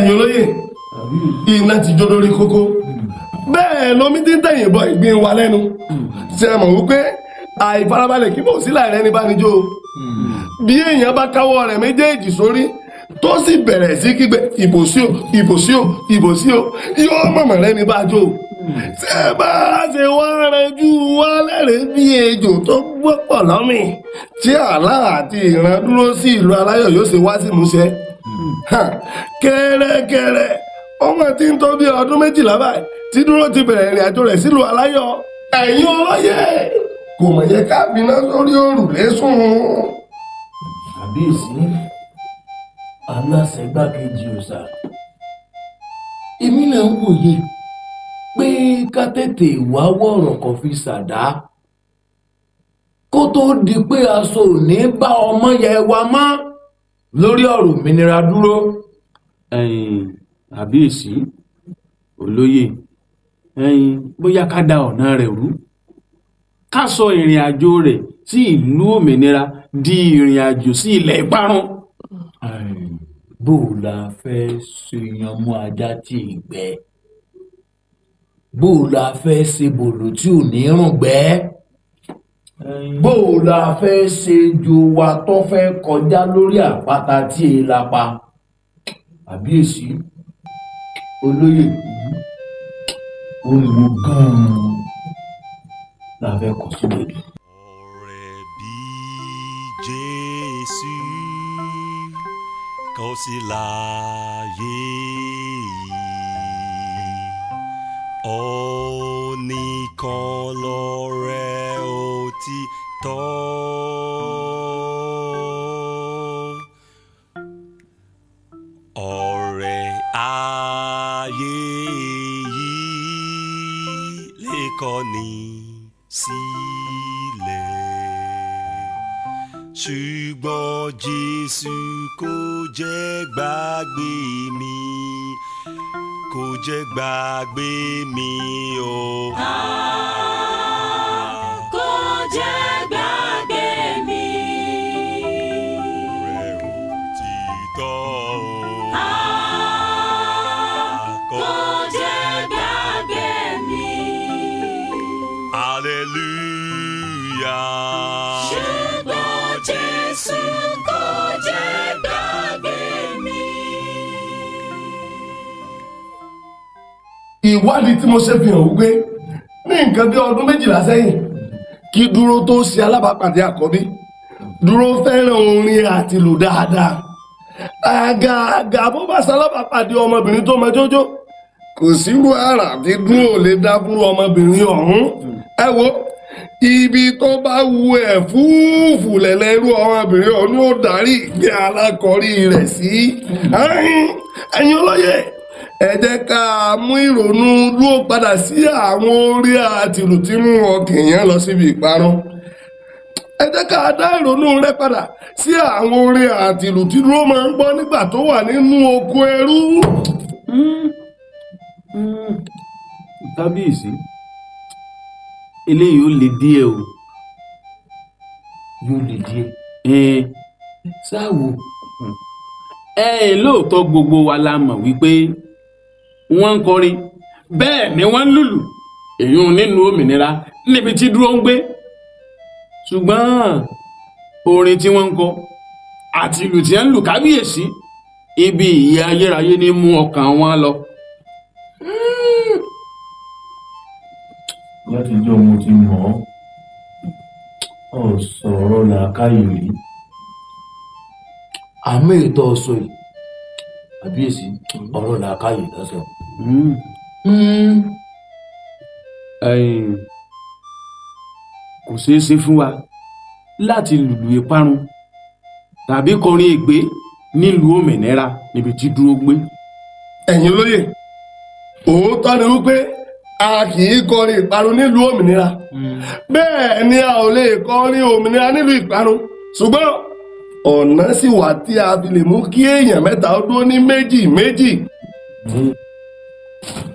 ẹ̀yin olóyè iná ti jó lórí kókó bẹ́ẹ̀ lomi ti ń tẹ̀yìn bọ ìgbín wa lẹ́nu ṣe mọ̀ wípé àìfarabalẹ̀ kí mò ń sílẹ̀ rẹ ní banijó bí èèyàn bá káwọ́ rẹ̀ méjèèjì sórí tó sì bẹ̀rẹ̀ sí kígbe ìbòsíò ìbòsíò ìbòsíò yóò mọ̀mọ̀ rẹ ní banijó hmm. ṣé bá a ṣe wá rẹjú wá lẹ́rìí bí ejò tó gbọ́pọ̀ lọ́mì tí àlá àti ìran dúró sí ìlú aláyọ̀ yóò ṣe wá sí ìmúṣẹ. kẹrẹkẹrẹ ọmọ tí ń tó bí ọdún méjìlá báyìí tí dúró ti bẹ̀rẹ̀ ìrìn àjò rẹ̀ sílùú aláyọ̀ ẹ̀yin ọlọ́yẹ kò mọ̀ yẹ ká bínú lórí òrùlé sùn. àbíyèsí aláṣẹgbàkejì òòṣà èmi náà ń wòye pé ká tètè wá wọ̀rọ̀ kan fi ṣàdá kó tó di pé aṣọ ò ní bá ọmọ yẹn wa mọ́ lórí ọ̀rọ̀ òmìnira dúró. ẹ̀yin àbíyèsí olóyè ẹ̀yin bóyá ká da ọ̀nà rẹ̀ rú ká sọ ìrìn àjò rẹ̀ sí ìlú òmìnira di ìrìn àjò sí ilẹ̀ ìparun. bó o la fẹ́ ṣèyànmú ajá tí ì gbẹ bó o la fẹ́ ṣe bòlò tí ò ní rùn gbẹ́ẹ́ bóò la fẹ́ ṣe ju wa tó fẹ́ kọjá lórí àpáta tí e lapa àbíyèsí olóyè olùwò gan-an la fẹ́ kọ sílẹ̀ bí. ọ̀rẹ́ bí jésù kò sí láàyè yìí ó nìkan lọ́rẹ́ o ti tán. ọ̀rẹ́ ayé yìí lè kọ̀ni sílẹ̀ ṣùgbọ́n Jésù kò jẹ́ gbàgbé mi kò jẹ́ gbàgbé mi o. Ah. ìwádìí tí mo ṣe fi hàn wípé ní nǹkan bí ọdún méjìlá sẹ́yìn kí dúró tó ṣe alábàápàdé àkọ́bí dúró fẹ́ràn orin àti lù dáadáa àgàgà bó bá ṣalábàápàdé ọmọbìnrin tó mọjójó kò sírú àrà dídùn ò lè dá fún ọmọbìnrin ọ̀hún ẹ wo ibi tó bá wu ẹ̀ fúùfù lẹ̀lẹ́ irú ọmọbìnrin ọ̀hún yóò darí ìgbé alákọ̀ọ́rí rẹ̀ sí ẹ̀yin ọlọ́yẹ̀ ẹ jẹ́ ká mú ìrònú dúró padà sí àwọn orí àtìlù tí mú ọkàn yẹn lọ síbi ìparun ẹ jẹ́ ká dá ìrònú rẹ padà sí àwọn orí àtìlù tí dúró máa ń gbọ́ nígbà tó wà nínú oko ẹrú. kábíyèsí eléyìí ó le díẹ̀ o yóò le díẹ̀ ẹ ṣáà wò ẹ lóòótọ́ gbogbo wa la mọ̀ wípé wọ́n ń kọrin bẹ́ẹ̀ ni wọ́n ń lùlù èyí ò nínú òmìnira níbi tí dúró ń gbé ṣùgbọ́n orin tí wọ́n ń kọ àti ìlù tí wọ́n ń lù kábíyèsí ibi ìyè ayérayé ní mú ọkàn wọn lọ. láti jọ́ mo ti mọ̀ ọ́ sọ̀rọ̀ làákàyè rí àmì ìtọ́ sọ yìí àbíyèsí ọ̀rọ̀ làákàyè lọ́sọ̀ọ́. Mm. kò ṣeé ṣe fún wa láti lùlù ìparun tàbí kọrin ègbé nílùú òmìnira níbi tí dúró gbé. ẹ̀yin lóye òótọ́ ni wípé a kì í kọrin ìparun nílùú òmìnira hmm. bẹ́ẹ̀ ni a ò lè kọrin òmìnira nílùú ìparun ṣùgbọ́n ọ̀nà sì wà tí a fi lè mú kí èèyàn mẹ́ta ó dúró ní méjì méjì. Mm. you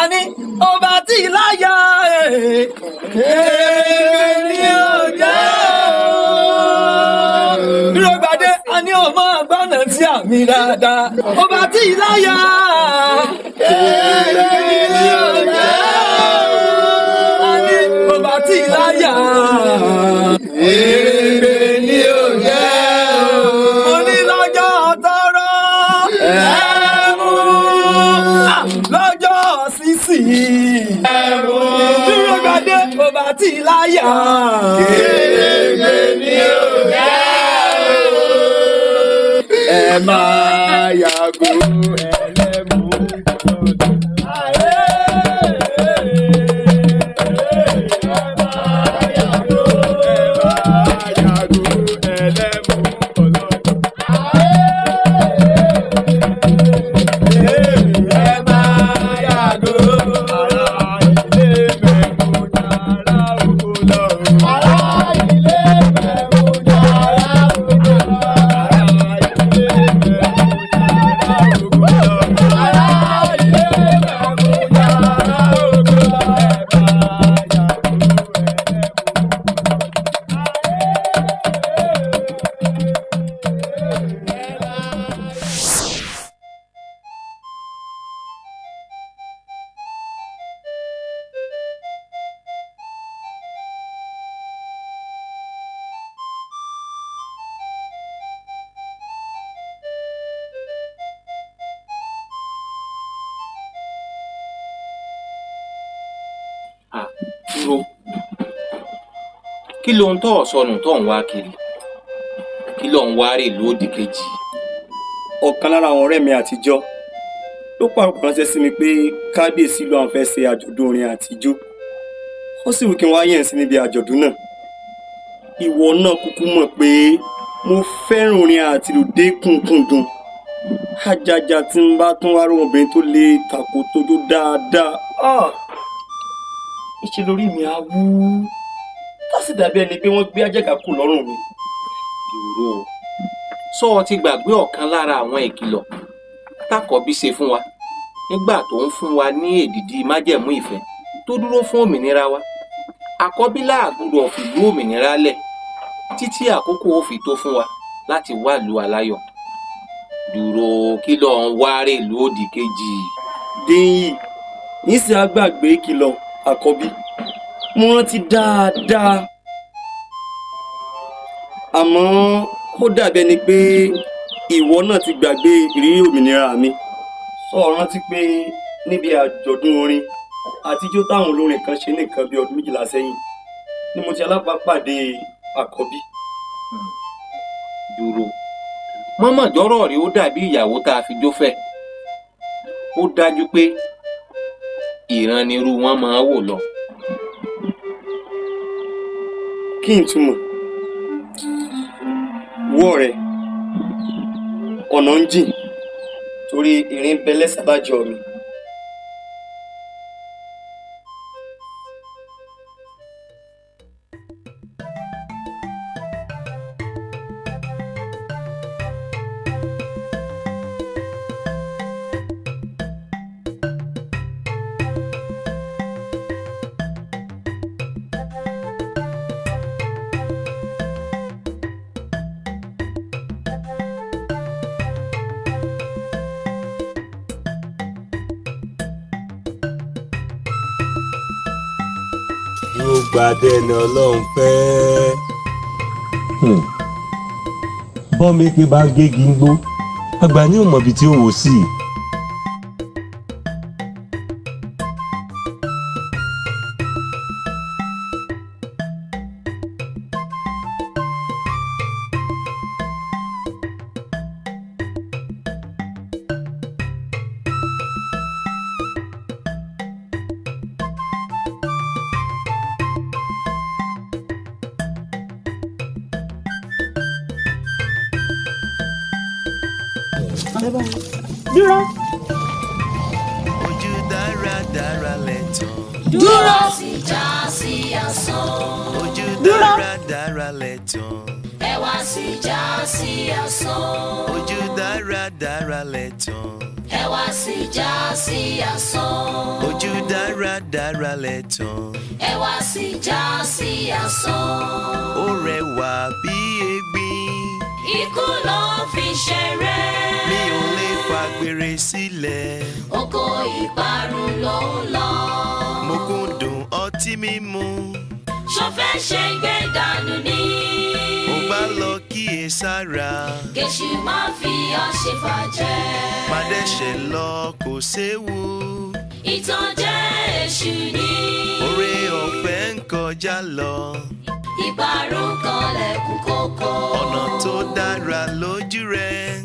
àní ọba tí láyà èmi ò jẹ́ dúró gbadé àní ọmọ àgbọ̀nà tí àmì dáadáa ọba tí láyà. àti láyà. kèrèmè ni ó yá o. ẹ máa yàgò. sọnù tó ń wá kiri kí ló ń wá rè lóde kejì. ọ̀kan lára àwọn ọ̀rẹ́ mi àtijọ́ ló pàrọ̀pọ̀ ránṣẹ́ sí mi pé kábíyèsí ló à ń fẹ́ ṣe àjọ̀dún orin àtijọ́ ó sì wù kí n wá yẹn sí níbi àjọ̀dún náà ìwọ náà kúkú mọ̀ pé mo fẹ́ràn orin àtìlódé kùnkùndùn àjàjà tí n bá tún wá ròhùn obìnrin tó lè tàkò tó dó dáadáa ìṣèlórí ah! mi á wú sì dàbí ẹni pé wọ́n gbé ajáka kù lọ́rùn mi. ìró o sọ ọ ti gbàgbé ọ̀kan lára àwọn ìkìlọ̀ tákọ̀bí ṣe fún wa nígbà tó ń fún wa ní èdìdí májẹ̀mú ìfẹ́ tó dúró fún òmìnira wa àkọ́bí láàgbọ́dọ̀ fìlú òmìnira lẹ̀ títí àkókò ó fi tó fún wa láti wá ìlú aláyọ̀ dúró kí ló ń wáré ìlú òdì kejì. déyìn nísìnyí a gbàgbé ìkìlọ̀ àkọ́bí mo rántí dáadáa àmọ́ ó dàbí ẹni pé ìwọ náà ti gbàgbé ìrírí òmìnira mi sọ rántí pé níbi àjọ̀dún orin àtijọ́ táwọn olórin kan ṣe ní nǹkan bí ọdún méjìlá sẹ́yìn ni mo ti alábàápàdé àkọ́bí. dúró mọ́mọ́jọ́rọ̀ rí ó dàbí ìyàwó tá a fi jó fẹ́ ó dájú pé ìran nirú wọn máa wò lọ. kí n túmọ̀ wọ́ rẹ̀ ọ̀nà ń jìn torí ìrìn bẹ́lẹ́ sábàjọ́ mi. bá dẹ́ni ọlọ́run fẹ́. Hmm. bọ́mi pé bá ń gégi ń gbó àgbà ní òmòbí tí ó wò sí i. má fi ọ́ ṣe fàjẹ́. má dẹ́ṣẹ̀ lọ kò séwu. ìtànjẹ èṣù ni. oore ọ̀fẹ́ ń kọjá lọ. ìparun kan lẹ̀kùn kókó. ọ̀nà tó dára lójú rẹ̀.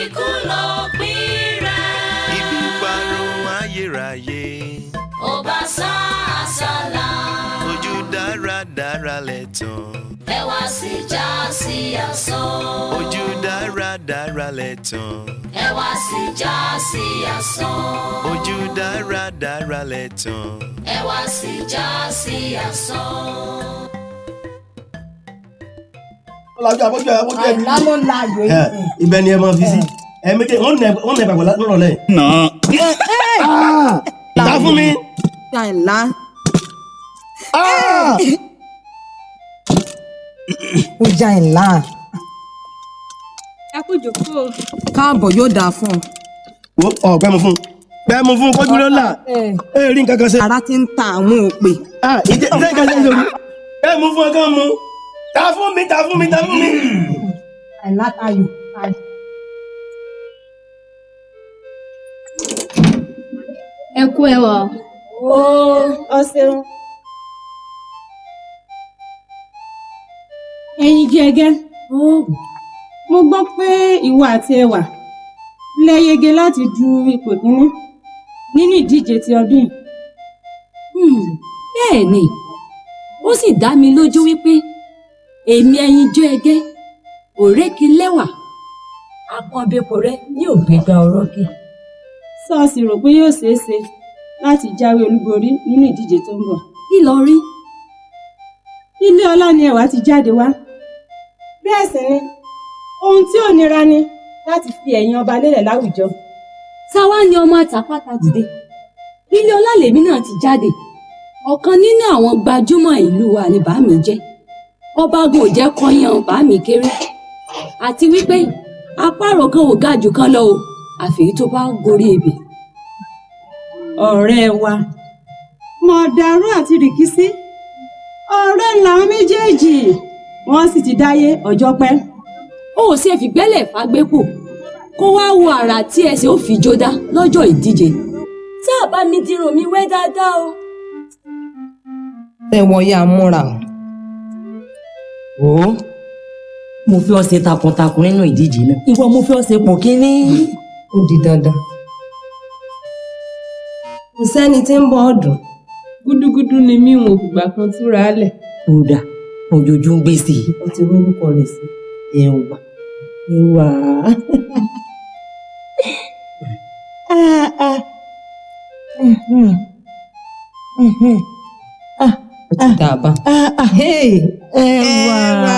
ikú ló pín rẹ̀. ibi parun ayérayé. ó bá sá àsálà. ojú lẹ̀ tán wá sí jọ́ọ̀sì ọ̀sán. ojú dáradára lẹ̀ tán. ẹ wá sí jọ́ọ̀sì ọ̀sán. ojú dáradára lẹ̀ tán. ẹ wá sí jọ́ọ̀sì ọ̀sán. ọlọ́jọ́ àbójú ẹ̀ àbójú ẹ̀ mi. àìlá ló la ayò yìí. ibẹ̀ ni ẹ máa fi sí ẹ méjì wọn nà wọn nà ìbàgbọ́ lọ́rọ̀lẹ́. nà. ìta fún mi. àìlá. Ah! ó já ẹ̀ ńlá. ẹ kú jòkó. káàbọ̀ yóò dáa fún ọ. ọ̀gbẹ́ mo fún un bẹ́ẹ̀ mo fún un kọ́jú lọ́la ẹ rí nǹkan kan ṣe. ara ti ń ta àwọn òpè. ìjẹ́ nǹkan ṣe ń sori bẹ́ẹ̀ mo fún ọ kán mu ta fún mi ta fún mi ta fún mi. àìlátayò ayò. ẹ kú ẹ wà. ó ọ ṣeun. ẹ̀yin jẹgẹ́ mo gbọ́ pé ìwọ àti ẹwà lẹ yege láti du ipò kínní nínú ìdíje ti ọdún yìí. Hmm, bẹ́ẹ̀ ni ó sì dá mi lójú wípé èmi ẹ̀yin jọ ẹgẹ́ òrékè lẹ́wà akọ́bẹ̀kọ̀rẹ́ ní ògbéga ọ̀rọ̀kè. ṣọ́ọ̀ṣì rò pé yóò ṣeé ṣe láti jáwé olúborí nínú ìdíje tó ń bọ̀. kí ló rí. ilé ọlá ni ẹwà ti jáde wá bẹ́ẹ̀ sì ni ohun tí ò nira ni láti fi ẹ̀yìn ọba lélẹ̀ láwùjọ. táwa ni ọmọ àtàpàtà dìde nílé ọlálẹ́mí náà ti jáde ọ̀kan nínú àwọn gbajúmọ̀ ìlú wa ni bá mi jẹ́ ọbagun ò jẹ́ kọ́yàn bá mi kéré àti wípé apárò kan ò ga jù kan lọ o àfi tó bá gorí ebè. ọ̀rẹ́ wa mọ̀ọ́dàrú àti rìkísí ọ̀rẹ́ làwọn méjèèjì wọ́n sì ti dáyé ọjọ́ pẹ́. o ò ṣe fìgbẹ́lẹ̀ fagbépo kó wá wo àrà tí ẹsẹ̀ ó fi jó dá lọ́jọ́ ìdíje. tá a bá mi dirun mi wẹ́ dáadáa o. ẹ̀wọ̀n ya múra o. o mo fi ọ ṣe takuntakun nínú ìdíje náà ìwọ mo fi ọ ṣe pò kínní. ó di dandan. kò sẹ́ni tí ń bọ́ ọ̀dùn. gúdúgúdú ni mí wọn ò gbà kan túra lẹ̀. ó òjòjú ń gbèsè. ó ti rórúkọ rẹ̀ sí ẹ̀wà. ẹ̀wà. ó ti dà bá. ẹ̀wà.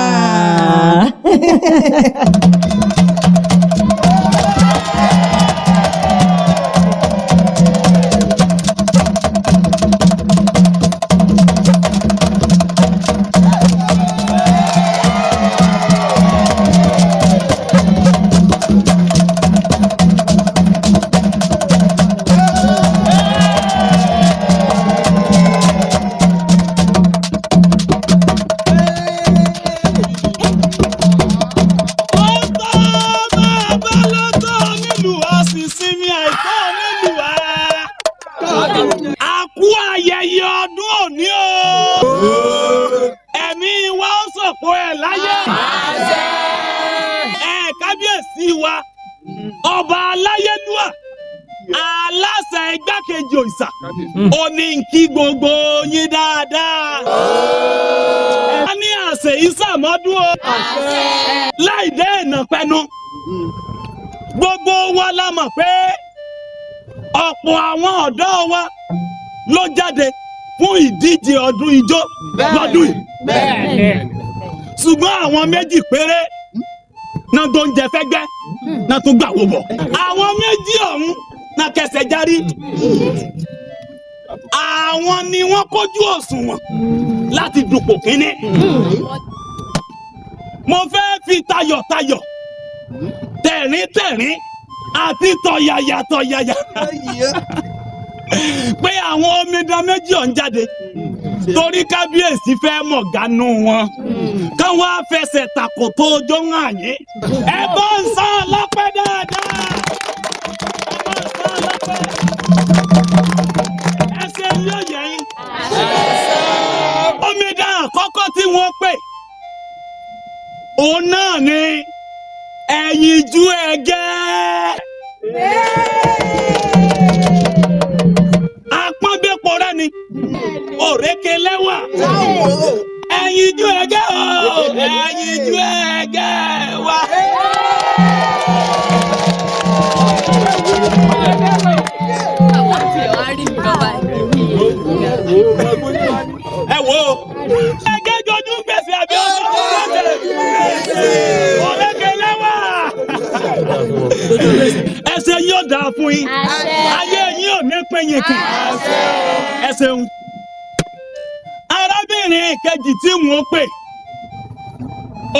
mọ̀ pé ọ̀pọ̀ àwọn ọ̀dọ́ wa ló jáde fún ìdíje ọdún ijó lọ́dún yìí ṣùgbọ́n àwọn méjì péré náà tó ń jẹ fẹ́gbẹ́ náà tó gbà wò bọ̀ àwọn méjì ọ̀hún náà kẹsẹ̀ járí àwọn ni wọ́n kójú òṣùwọ̀n láti dùpò kínní mo fẹ́ fi tayọ̀tayọ̀ tẹ̀rín tẹ̀rín àti tọ̀yàyà tọ̀yàyà pé àwọn omidan méjì ọ̀hún jáde hmm. torí kábíyèsí fẹ́ mọ̀ ganu wọn hmm. káwọn á fẹsẹ̀ tàkò tó ojó ń hàn yín ẹ bá ń sá lápẹ́ dáadáa omidan àkọ́kọ́ tí wọ́n pè òun náà ni ẹ̀yinjú ẹ̀ jẹ́. apọ́nbẹ́pọ̀ rẹ ni òrékè lẹ́wà ẹ̀yinjú ẹ̀ jẹ́ o ẹ̀yinjú ẹ̀ jẹ́ wa. ẹ wo ẹgẹjọdún gbèsè àbí ọjọ́ gbèsè ẹsẹ̀ yóò dáa fún yín ayé yín ò ní pẹ́yìn kì ẹsẹ̀ ń. arábìnrin kejì tí wọ́n pè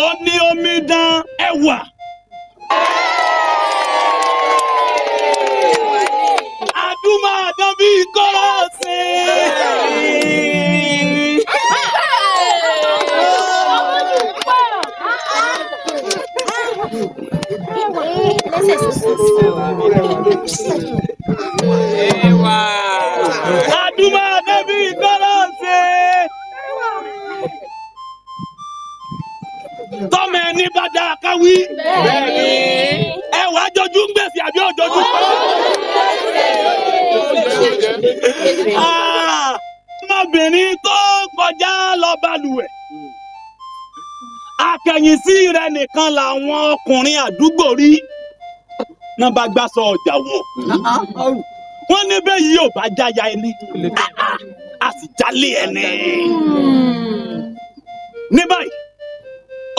ó ní omidan ẹwà. adúmọ̀ àdán bíi kọ́lọ́ọ̀sì. success successful. Adúmọ̀ Adébí Kọ́lọ́ọ̀sì. Tọ́mọ ẹni bá dáa ká wí. Bẹ́ẹ̀ni. Ẹ wá jọjú ń gbèsè àbí òjòjú. Ọmọbìnrin tó kọjá lọ balùwẹ̀ akẹ̀yìn sí rẹ nìkan làwọn ọkùnrin àdúgbò rí náà bá gbá sọ ọjà wọn uh-huh. wọn ní bẹ́ẹ̀ yìí ò bá jáya ẹni hmm. a sì jálé ẹni. Hmm. ní báyìí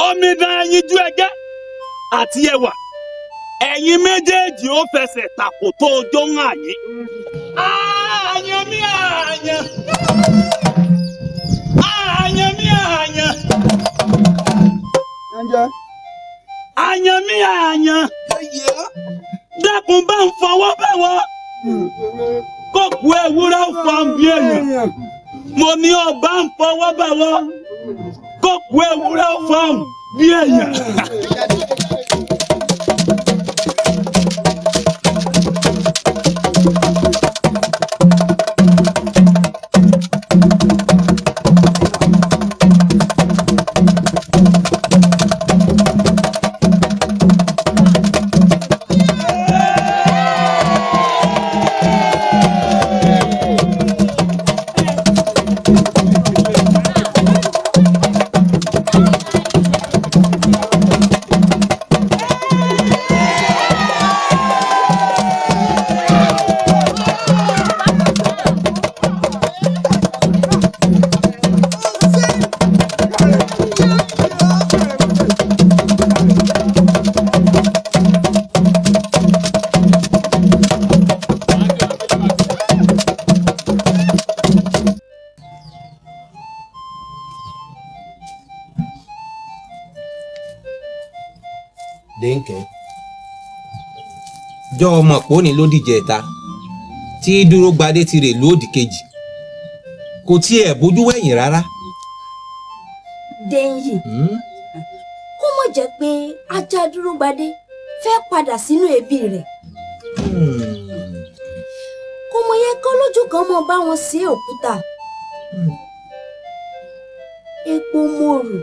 omidan ẹyinjú ẹgẹ àti ẹwà ẹ̀yin méjèèjì ó fẹsẹ̀ tàkò tó ojó ń hàn yín. àyàn mi àyàn àyàn mi àyàn àyàn mi àyàn dákun bá ń fọwọ́ bẹ̀ wọ́n kókù ewúrẹ́ fọ́n bí èèyàn mo ní ọba ń fọwọ́ bẹ̀ wọ́n kókù ewúrẹ́ fọ́n bí èèyàn. àpòónì ló dìjẹ́ ẹ̀ta tí dúró gbadé ti rè lóòdì kejì kò tiẹ̀ bójú wẹ̀yìn rárá. Dénjì hmm? kó mọ̀ jẹ́ pé ajá dúró gbadé fẹ́ padà sínú ẹbí rẹ̀ hmm. kó mọ yẹ kó lójú kan mọ bá wọn sí òkúta hmm. epo mòrò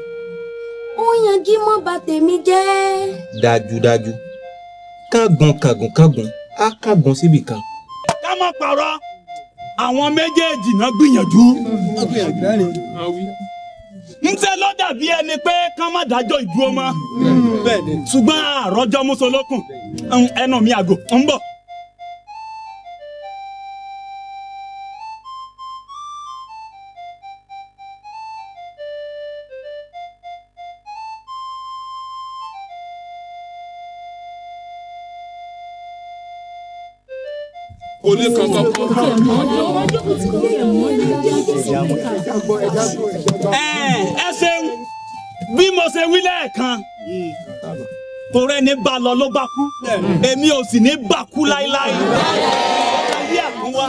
ó yangí mọ́ bà tèmi jẹ́. dájúdájú kángun kángun kángun á kàgbọ́n síbì kan. ká má parọ́ àwọn méjèèjì náà gbìyànjú. ńṣe ló dàbí ẹni pé ká má dájọ́ ìdúró mọ́ ṣùgbọ́n àròjọ́ mọ́sọ̀lọ́kùn ẹnu mi àgò ń bọ̀. lè kankan kún. ẹ ṣeun bí mo ṣe wí lẹ́ẹ̀kan torẹ́ ní bá lọ ló bá kú èmi ò sì ní bá kú láéláé ayé àkúwá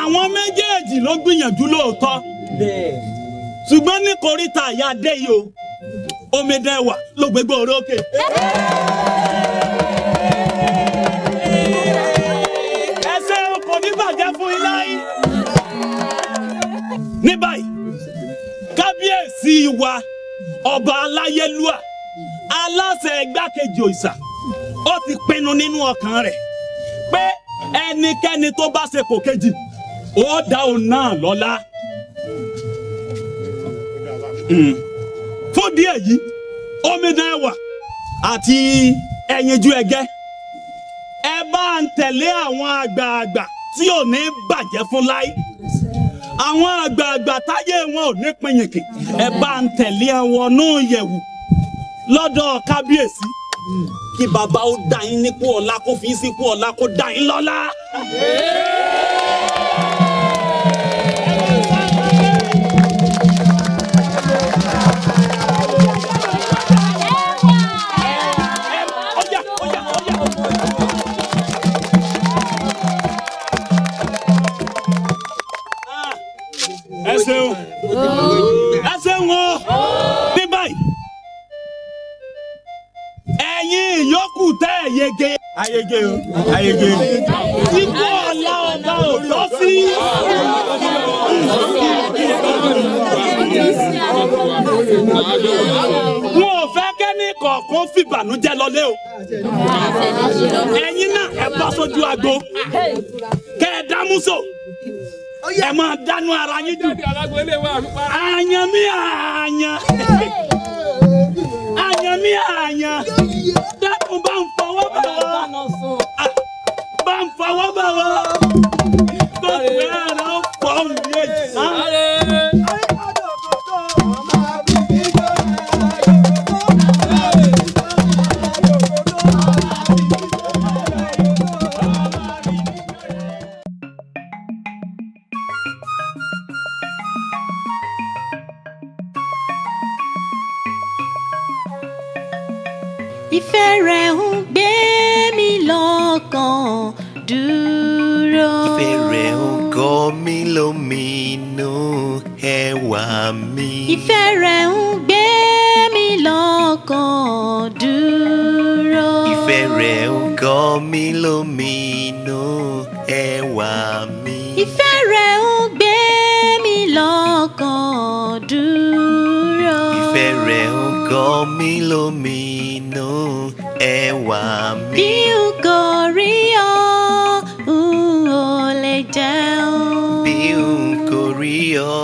àwọn méjèèjì ló gbìyànjú lóòótọ́ ṣùgbọ́n ní koríta àyà adé yìí o omidan ẹwà ló gbégbó orókè. fún ilá yìí. ní báyìí kábíyèsí wa ọba aláyélúwà aláṣẹ igbákejì òrìṣà ó ti pinnu nínú ọkàn rẹ̀ pé ẹnikẹ́ni tó bá ṣepò kejì ó dá òun náà lọ́lá. Hmm. fún díẹ̀ yìí omidan ẹwà àti ẹyinjú ẹgẹ́ ẹ bá ń tẹ̀lé àwọn àgbààgbà. tí ò ní bàjẹ́ fún láì àwọn àgbààgbà táyé wọn ò ní pinyìnkì ẹ bá ń tẹ̀lé ẹwọn náà yẹ̀wò lọ́dọ̀ kábíyèsí kí bàbá ó dá yín nípò ọlá kó fi í sípò ọlá kó dá yín lọ́lá. ẹ̀yin ìyókù tẹ́ ẹ̀ yege. ayege o ayege o. ikú ọ̀la ọba ò sí. wọn ò fẹ́ kẹ́ni kọ̀ọ̀kan fìbànújẹ́ lọlé o. ẹ̀yin náà ẹ bá sójú agbo kẹ́ ẹ dámúso ẹ máa dánú ara yín jù àyàn mi àyàn àyàn mi àyàn dákun bá ń fọwọ́ bà wọ́ bá ń fọwọ́ bà wọ́ kó kúrẹ́ rẹ̀ ó pọ̀ ń lé jù. ìfẹ́ rẹ̀ ń gbé mi lọ́kàn dúró. ìfẹ́ rẹ̀ ń gọ́ mi lóminú ẹwà mi. ìfẹ́ rẹ̀ ń gbé mi lọ́kàn dúró. ìfẹ́ ń gọ́ mi lóminú ẹwà mi. ìfẹ́ ń gbé mi lọ́kàn dúró. ìfẹ́ ń gọ́ mi lóminú ẹwà mi. bí o kò rí ọ n ò lè jẹun. bí o kò rí ọ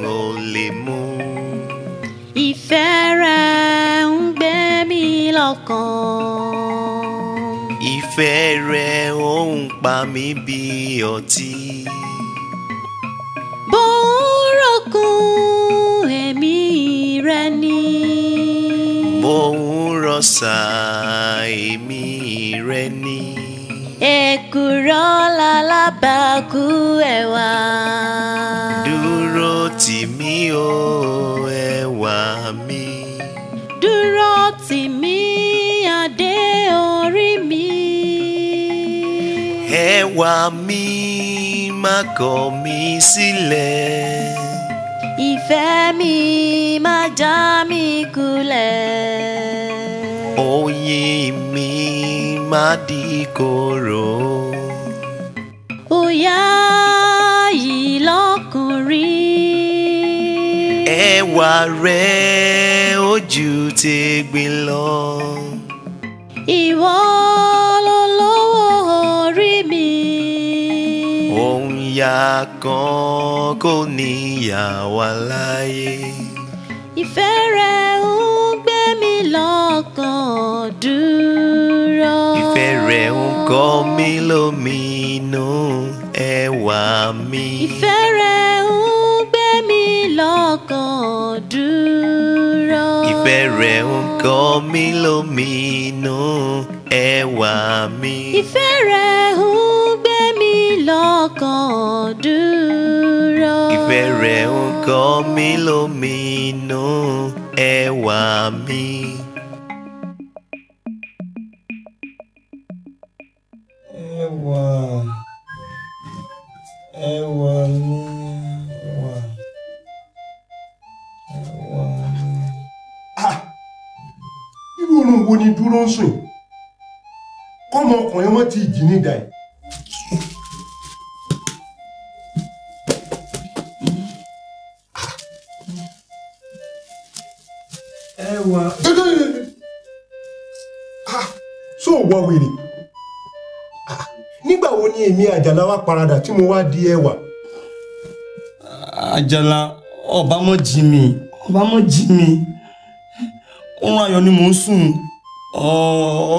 n ò lè mu. ìfẹ́ rẹ ń gbé mi lọ́kàn. ìfẹ́ rẹ ó ń pa mí bí ọtí. bó ń rọ̀kùn ẹ̀mí rẹ ni rọ̀ṣà èmi rẹ ni. èkùrọ́ lalábàákú ẹ̀wà. dúró tì mí o ẹ̀wà mi. dúró tì mí adé orí mi. ẹ̀wà mi má kọ̀ mí sílẹ̀. Ìfẹ́ mi máa já mi kulẹ̀. Oyè mi má di kòrò. Òyà yìí lọ́kùnrin. Ẹwà rẹ̀ ó jù tẹ̀gbìn lọ. Ìwọ ló lówó orí mi. Ohun ya kan kò níyàwó láyé. Ìfẹ́ rẹ̀ ń mi lọ́kàn dúró. Ìfẹ́ rẹ̀ ń kọ́ mi lóminú ẹwà mi. Ìfẹ́ rẹ̀ ń gbé mi lọ́kàn dúró. Ìfẹ́ rẹ̀ ń kọ́ mi lóminú ẹwà mi. Ìfẹ́ rẹ̀ ń gbé mi lọ́kàn dúró. Ìfẹ́ rẹ̀ ń kọ́ mi lóminú ẹwà mi ẹwà mi. ẹwà ẹwà mi wà ẹwà mi. irú oorun wo ni dúró ń sùn kọ́mọkùnrin wọn ti jì nídàá yìí. wọ wèrè nígbà wo ni èmi àjàlá wá paradà tí mo wá di ẹwà. àjàlá ọba mọ jí mi ọba mọ jí mi oorun ayọ̀ ni mò ń sùn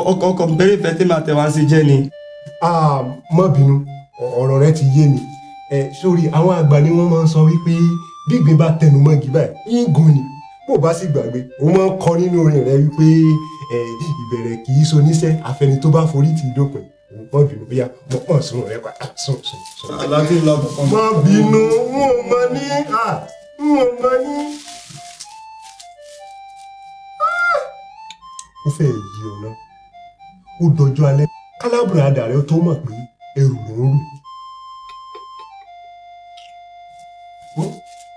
ọkọ ọkọ bẹ̀rẹ̀ fẹ́ tẹmí àtẹwà sí jẹ ni. má bínú ọ̀rọ̀ rẹ ti yé mi ẹ sórí àwọn àgbà ni wọ́n máa ń sọ wípé bígbìn bá tẹnu mọ́ gíbà yíngùn ni bó bá sì gbàgbé òun máa ń kọ nínú orin rẹ wípé ìbẹ̀rẹ̀ kì í ṣoníṣẹ́ afẹni tó bá forí ti dópin mọ bínú bóyá mo kàn sún rẹ pa ah, sún sún sún. aláàbí ńlá mọ̀ kàn. má bínú n ò mọ ní à ah, n ò mọ ní. Ah! ó fẹ́ yí ọ náà ó dọjọ́ alẹ́ kálábùradà rẹ tó mọ̀ pé ẹrù ló ń rù.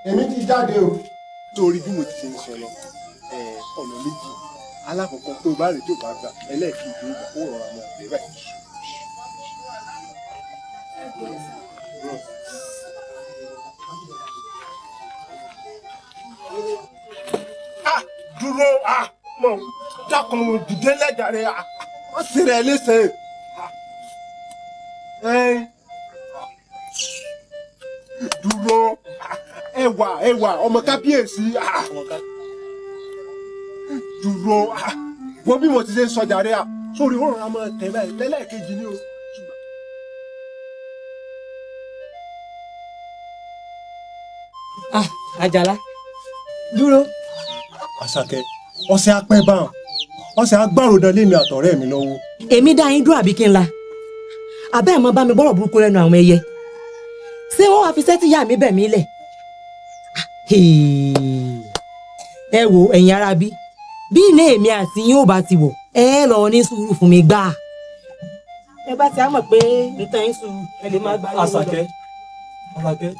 èmi ti jáde o. torí bí mo ti ṣe ń sọ lọ ọ̀nà méjì alákọ̀ọ́kọ́ tó bá rèé tó bá gbà ẹlẹ́ẹ̀kejì ìgbà ó rọra mọ ọ̀gbẹ́ báyìí. Ah, dúró ah, mọ dákun dìde lẹ́jàre ah, wọ́n sì rẹ̀ léṣe. dúró ẹwà ẹwà ọmọ kábíyèsí dúró ah, wo bí mo ti ṣe ń sọ jàre à sórí ó rọra máa tẹ̀ báyìí lẹ́lẹ́kejì ni o. ah àjàlá dúró. àṣàkẹ́ ọ̀sẹ̀ apẹ́ bá wọn ọ̀sẹ̀ agbáròdàn lémi àtọ̀rẹ́ mi lọ́wọ́. èmi dá yín dúró àbí kí n la àbẹ́ ẹ̀ mọ bá mi gbọ́rọ̀ burúkú lẹ́nu àwọn ẹyẹ ṣé wọ́n wá fi sẹ́tì yá mi bẹ̀ mí lẹ̀ ah, ẹ wo ẹ̀yin ará bíi bí iná èmi àti yín ò bá ti wọ̀ ẹ lọ ní sùúrù fún mi gbà. ẹ bá ti á mọ̀ pé nítorí yín sùn ẹ lè má gbá. àṣàkẹ́ àṣàkẹ́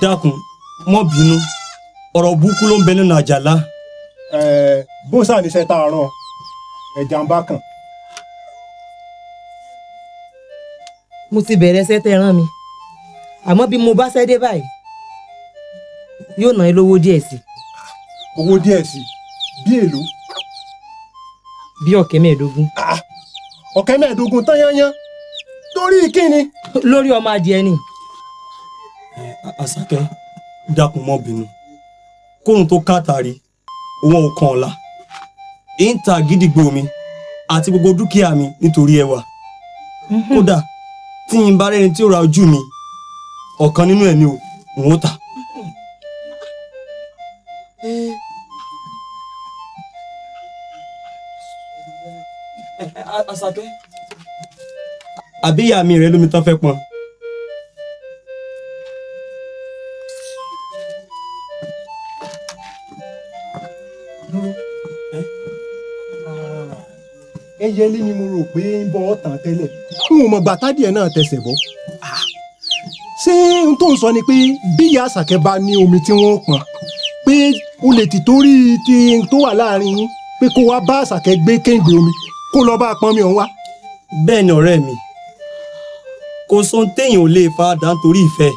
dákun mọ́ bínú ọ̀rọ̀ burúkú ló ń bẹ nínú àjàlá. ẹ bó sáà ní sẹ́ta àárọ̀ ẹ̀jà ń bá kàn. mo ti bẹ̀rẹ̀ sẹ́tẹ̀ rán mi àmọ́ bí mo bá sẹ́dé báyìí yóò ná ẹ lówó díẹ̀ sí. owó díẹ̀ sí bí èlò bí ọ̀kẹ́ mẹ́ẹ̀ẹ́dógún. Ah, ọ̀kẹ́ mẹ́ẹ̀ẹ́dógún tán yányán lórí kíni. lórí ọmọ adìẹ ni. àṣàkẹ́ dákun mọ́ bínú kóhun tó kátàrí wọn ò kàn ọ̀la èyí ń ta gídígbò mi àti gbogbo dúkìá mi nítorí ẹwà mhm. kódà tí n bá rẹ́ni tí ó ra ojú mi ọ̀kan nínú ẹ̀ ni òun ó ta. àṣàkẹ́ àbí ìyá mi rẹ lómi tán fẹ́ pọn. ẹyẹlé ni mo rò pé ń bọ ọ̀tàn tẹ́lẹ̀ n ò mọ̀ gbàtádì ẹ̀ náà tẹsẹ̀ bọ́. ṣé n tó ń sọ ni pé bí ìyá àṣàkẹ́ bá ní omi tí wọ́n pọn pé o lè tìtorí ti tó wà láàrin yín pé kó wá bá àṣàkẹ́ gbé kéǹgbé omi kó lọ bá a pọn mi ọ̀hún wá. bẹ́ẹ̀ ni ọ̀rẹ́ mi kò sọ téèyàn ò lè fa dá nítorí ìfẹ́.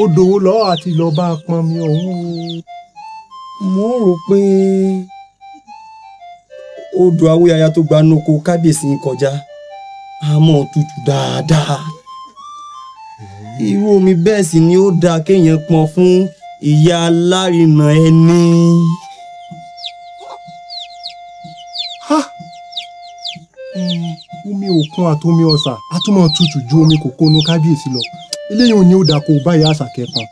ó dòwó lọ́wọ́ àti lọ bá a pọn mi ọ̀hún o. mo rò pé odò awóyaya tó gbanú oko kábíyèsí ń kọjá àmọ́ tutù dáadáa irú omi bẹ́ẹ̀ sì ni ó dáa kéèyàn pọn fún ìyá alárinà ẹni. omi òkun àtomi ọ̀sà á tún máa tutù ju omi kòkónú kábíyèsí lọ eléyìí ò ní ó dà kó o bá ìyá àṣà kẹkan.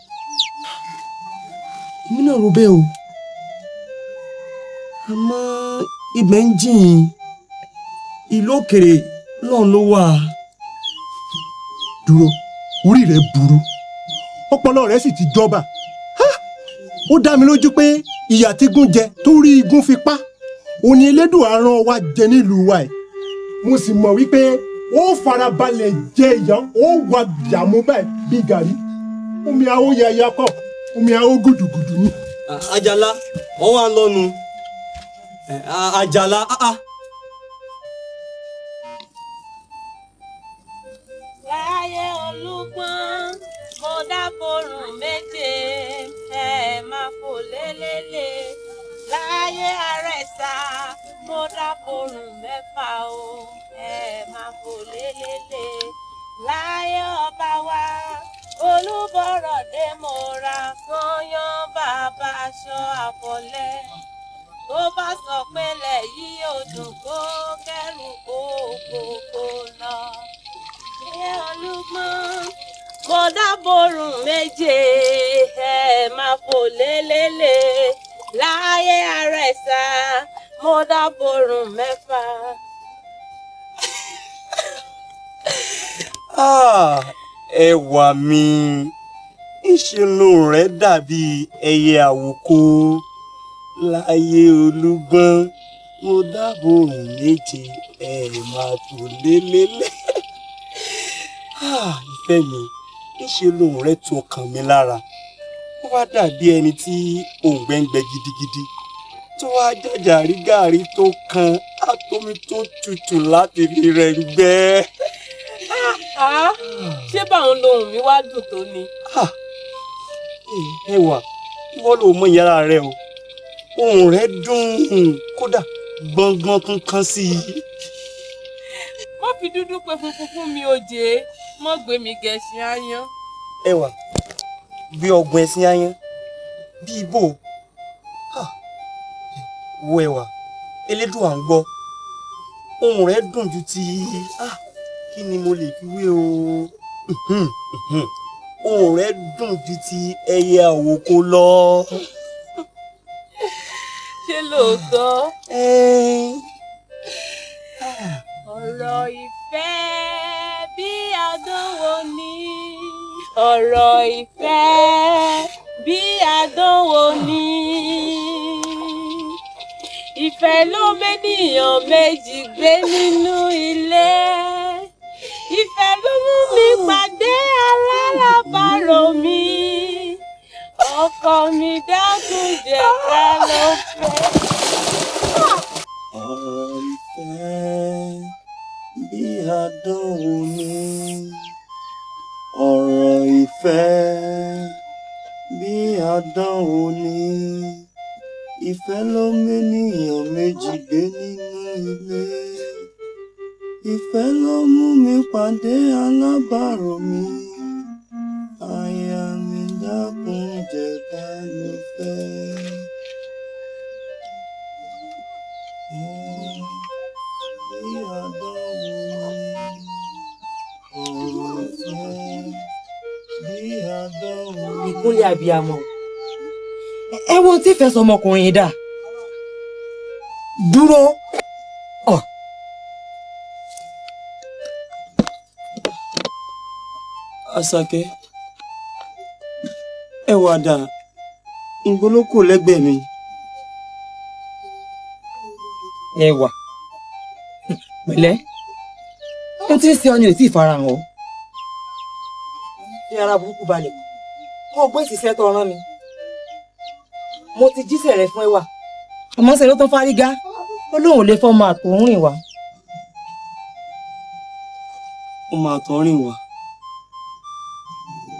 èmi náà rò bẹ́ẹ̀ o àmọ́ ibẹ̀ ń jìn ìlú òkèrè náà ló wà. dúró orí rẹ burú ọpọlọ rẹ sì ti jọba ó dá mi lójú pé ìyà tí gún jẹ tó rí igun fi pa òun elédùn àrùn wa jẹ nílùú wa yìí mo sì mọ̀ wípé ó farabalẹ̀ jẹ ìyá ó wà bìàmú báyìí bí gàrí omi àwọn yàyà kọ omi àwọn gùdùgùdù ni. ajala ọwọ́ alọ́nu àjàlá áá. láyé olúgbọ́n mo dáforùn méje ẹ máa fò lélẹ́lẹ́ láyé àrẹ̀sà. mo dákorùn mẹ́fà o ẹ máa fò lélele láyé ọba wa olúbọ̀rọ̀ dé mo ra kọ́yán bàbá aṣọ àfọ̀lẹ́ tó bá sọ pẹ́lẹ̀ yìí ò kó kẹ́rù kókókó lọ. ṣé olúgbọ́n mo dáborùn méje ẹ máa fò lélele láyé àrẹ̀sà mo dáborùn mẹ́fà. Ah, ẹwà mi ìṣèlú rẹ dàbí ẹyẹ àwòkọ láyé olúgbọ́n mo dáborùn méje ẹ máa tò lélẹlẹ ah, ìfẹ́ mi ńṣe lòun rẹ tu ọkàn mi lára ó wá dàbí ẹni tí òǹgbẹ ń gbẹ gidigidi tó wá jàjàrí gàrí tó kan átómi tó tutù láti fi rẹ̀ǹgbẹ́. Ah, ah, ṣé báwọn lohùn mi wá dùn tó ni. Ah, eh, ẹwà wọ́n lò mọ ìyára rẹ o ohùn rẹ dùn kódà gbọ̀ngbọ̀n kankan sí i. má fi dúdú pé funfun fún mi òjé mọ́ gbé mi gẹ̀ẹ́sì áyán. ẹwà bí ọgbọ̀n ẹ̀sìn áyán bí ibò wo elédùn à ń gbọ́ ohùn rẹ̀ dùn ju ti ah kí ni mo lè fi wé o ohùn rẹ̀ dùn ju ti ẹyẹ àwòkọ lọ. ṣé lóòótọ́. Eh. ọ̀rọ̀ ìfẹ́ bí àdánwò ni ọ̀rọ̀ ìfẹ́ bí àdánwò ni ìfẹ́ ló mẹ́nìyàn méjì gbé nínú ilé. Ìfẹ́ ló mú mi pàdé alálàbárò mi. Ọkọ mi dákun jẹ́ ká ló fẹ́. Ọ̀rọ̀ bí àdánwò ni. Ọ̀rọ̀ ìfẹ́ bí àdánwò ni. Ìfẹ́ ló ménìyàn méjì gbé nínú ilé. Ìfẹ́ ló mú mi pàdé alábàárò mi. Aya mi dákun jẹ̀ka ló fẹ́. Bí àdánwò ni ẹ wo tí fẹsọ ọmọkùnrin yìí dà. dúró. àṣàkẹ́ ẹ wà dà ìgbólókò lẹ́gbẹ̀ẹ́ mi. ẹ wà pẹ̀lẹ́ ó ti ń ṣe ọyàn ètí ìfarahàn o. fi ara burúkú balẹ̀ kó o gbé ìṣiṣẹ́ tó rán mi mo ti jíṣẹ́ rẹ̀ fún ẹwà àmọ́ ṣe ló tún fárígá ó lóun ò lè fọmọ àtọ̀hún rìn wá. ọmọ àtọ̀hún rìn wá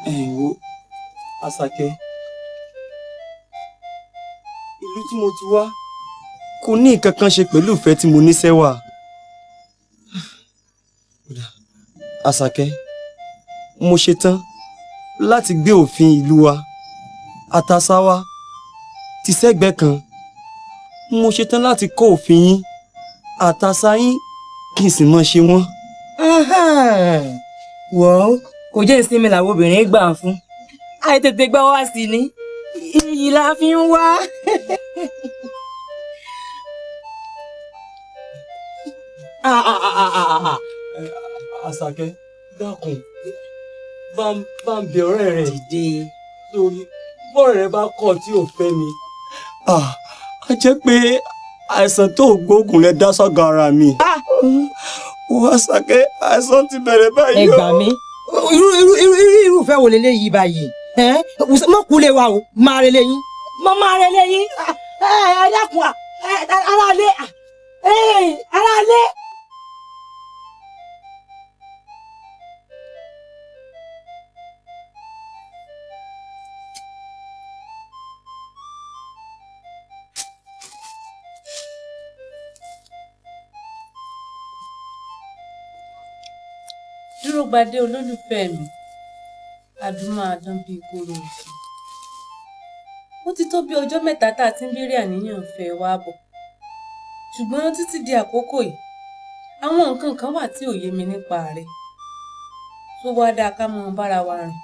ẹ̀yìn wo àṣàkẹ́ ìlú tí mo ti wá kò ní nǹkan kan ṣe pẹ̀lú ìfẹ́ tí mo ní sẹ́wà. àṣàkẹ́ mo ṣetán láti gbé òfin ìlú wa àtàṣà wa ti sẹ́gbẹ̀ẹ́ kan mo ṣetán láti kó òfin yín àtàṣà yín kí n sì mọ ṣe wọ́n. wọ́n kò jẹ́ ìsinmi làwọn obìnrin gbà fún àìtètè gbà wá sí ni iyì la fi ń wá. àṣàkẹ́ dákun bá ń bẹ ọ̀rẹ́ rẹ̀ dìde lórí bọ́ọ̀rẹ́ bá kọ̀ tí ò fẹ́ mi. Ah, a jẹ́ pé àìsàn tó gbóògùn lè dá sọ́gàn ara mi. Ah! wọ́n ṣàkẹ́ àìsàn ti bẹ̀rẹ̀ báyìí. ẹ gbà mí irú irú irú irúfẹ́ wo leléyìí báyìí mọ kúlẹ̀ wa o máa rẹ lẹ́yìn mọ máa rẹ lẹ́yìn ẹ ẹ dákun ah, ara lé ara lé. gbàdé olólùfẹ́ mi adúmáadán bíi kóró òfì ó ti tó bí ọjọ́ mẹ́ta tá a ti ń béèrè àníyàn ìfẹ́ wa bọ̀ ṣùgbọ́n títí di àkókò yìí àwọn nǹkan kan wà tí ò yé mi nípa rẹ̀ tó wá dáa ká mọ bára wa rìn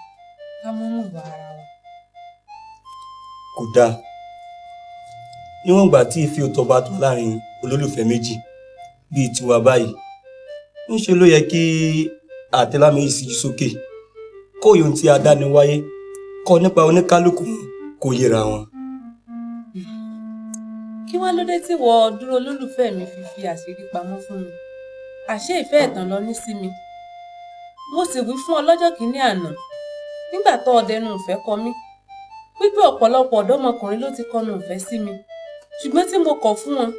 ká mọ mọ bá ara wa. kò dáa níwọ̀n ìgbà tí ìfẹ́ òótọ́ bá tó láàrin olólùfẹ́ méjì bíi tiwa báyìí ńṣe ló yẹ kí àtẹlá méjì síjú sókè kóyún tí adáni wáyé kọ nípa oníkálukú kò yẹra wọn. kí wá ló dé tí wọ dúró olólùfẹ́ mi fi fi àṣírí pamọ́ fún mi àṣé ìfẹ́ ẹ̀tàn lọ ní sí mi mo sì wí fún ọ lọ́jọ́ kìíní àná nígbà tó ọdẹ nu ìfẹ́ kọ mí wípé ọ̀pọ̀lọpọ̀ ọ̀dọ́mọkùnrin ló ti kọnu ìfẹ́ sí mi ṣùgbọ́n tí mo kọ̀ fún wọn